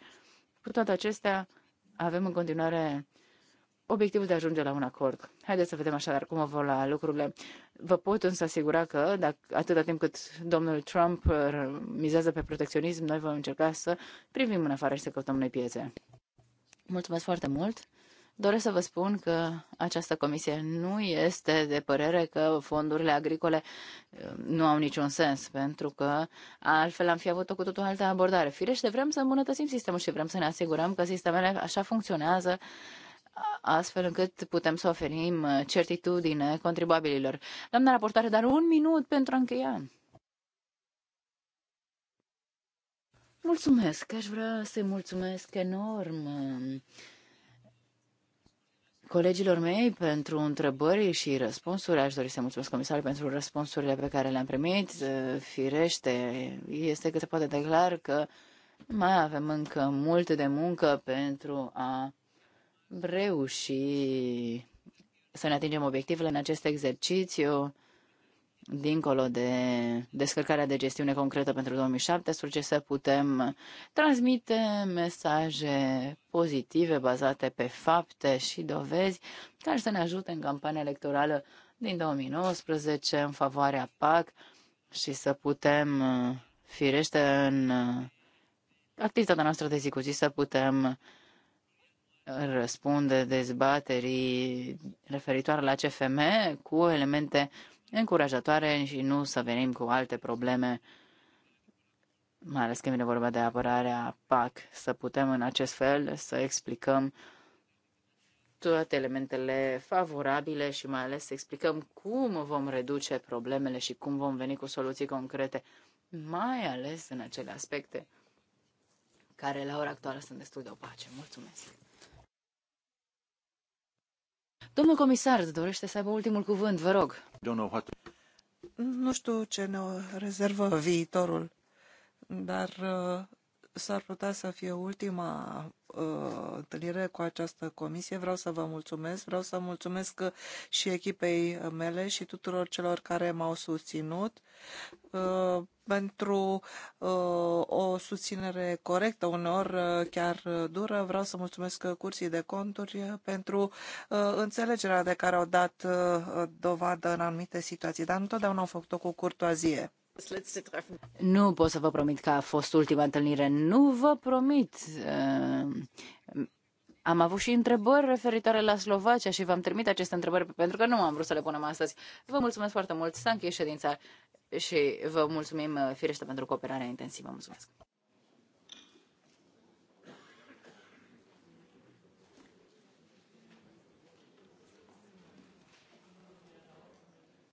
Cu toate acestea, avem în continuare obiectivul de a ajunge la un acord. Haideți să vedem așadar cum vor la lucrurile. Vă pot însă asigura că dacă, atâta timp cât domnul Trump uh, mizează pe protecționism, noi vom încerca să privim în afară și să căutăm noi piețe. Mulțumesc foarte mult! Doresc să vă spun că această comisie nu este de părere că fondurile agricole uh, nu au niciun sens, pentru că altfel am fi avut o cu totul altă abordare. Firește, vrem să îmbunătățim sistemul și vrem să ne asigurăm că sistemele așa funcționează astfel încât putem să oferim uh, certitudine contribuabililor. Doamna raportare, dar un minut pentru a încheia. Mulțumesc, aș vrea să-i mulțumesc enorm uh, colegilor mei pentru întrebări și răspunsuri. Aș dori să mulțumesc comisarului pentru răspunsurile pe care le-am primit. Eh, firește, este cât se poate de clar că mai avem încă mult de muncă pentru a reuși să ne atingem obiectivele în acest exercițiu dincolo de descărcarea de gestiune concretă pentru 2017, să putem transmite mesaje pozitive bazate pe fapte și dovezi care să ne ajute în campania electorală din 2019 în favoarea PAC și să putem, firește, în activitatea noastră de zi cu zi, să putem răspunde dezbaterii referitoare la CFM cu elemente încurajatoare și nu să venim cu alte probleme, mai ales când vine vorba de apărarea PAC, să putem în acest fel să explicăm toate elementele favorabile și mai ales să explicăm cum vom reduce problemele și cum vom veni cu soluții concrete, mai ales în acele aspecte care la ora actuală sunt destul de opace. Mulțumesc! Domnul comisar, dorește să aibă ultimul cuvânt, vă rog. Nu știu ce ne rezervă viitorul, dar uh, s-ar putea să fie ultima uh, întâlnire cu această comisie. Vreau să vă mulțumesc, vreau să mulțumesc și echipei mele și tuturor celor care m-au susținut uh, pentru uh, o susținere corectă, uneori uh, chiar dură. Vreau să mulțumesc curții de conturi pentru uh, înțelegerea de care au dat uh, dovadă în anumite situații, dar întotdeauna au făcut-o cu curtoazie. Nu pot să vă promit că a fost ultima întâlnire. Nu vă promit. Eh, am avut și întrebări referitoare la Slovacia și v-am trimit aceste întrebări pentru că nu am vrut să le punem astăzi. Vă mulțumesc foarte mult. S-a încheiat ședința și vă mulțumim eh, firește pentru cooperarea intensivă. Mulțumesc!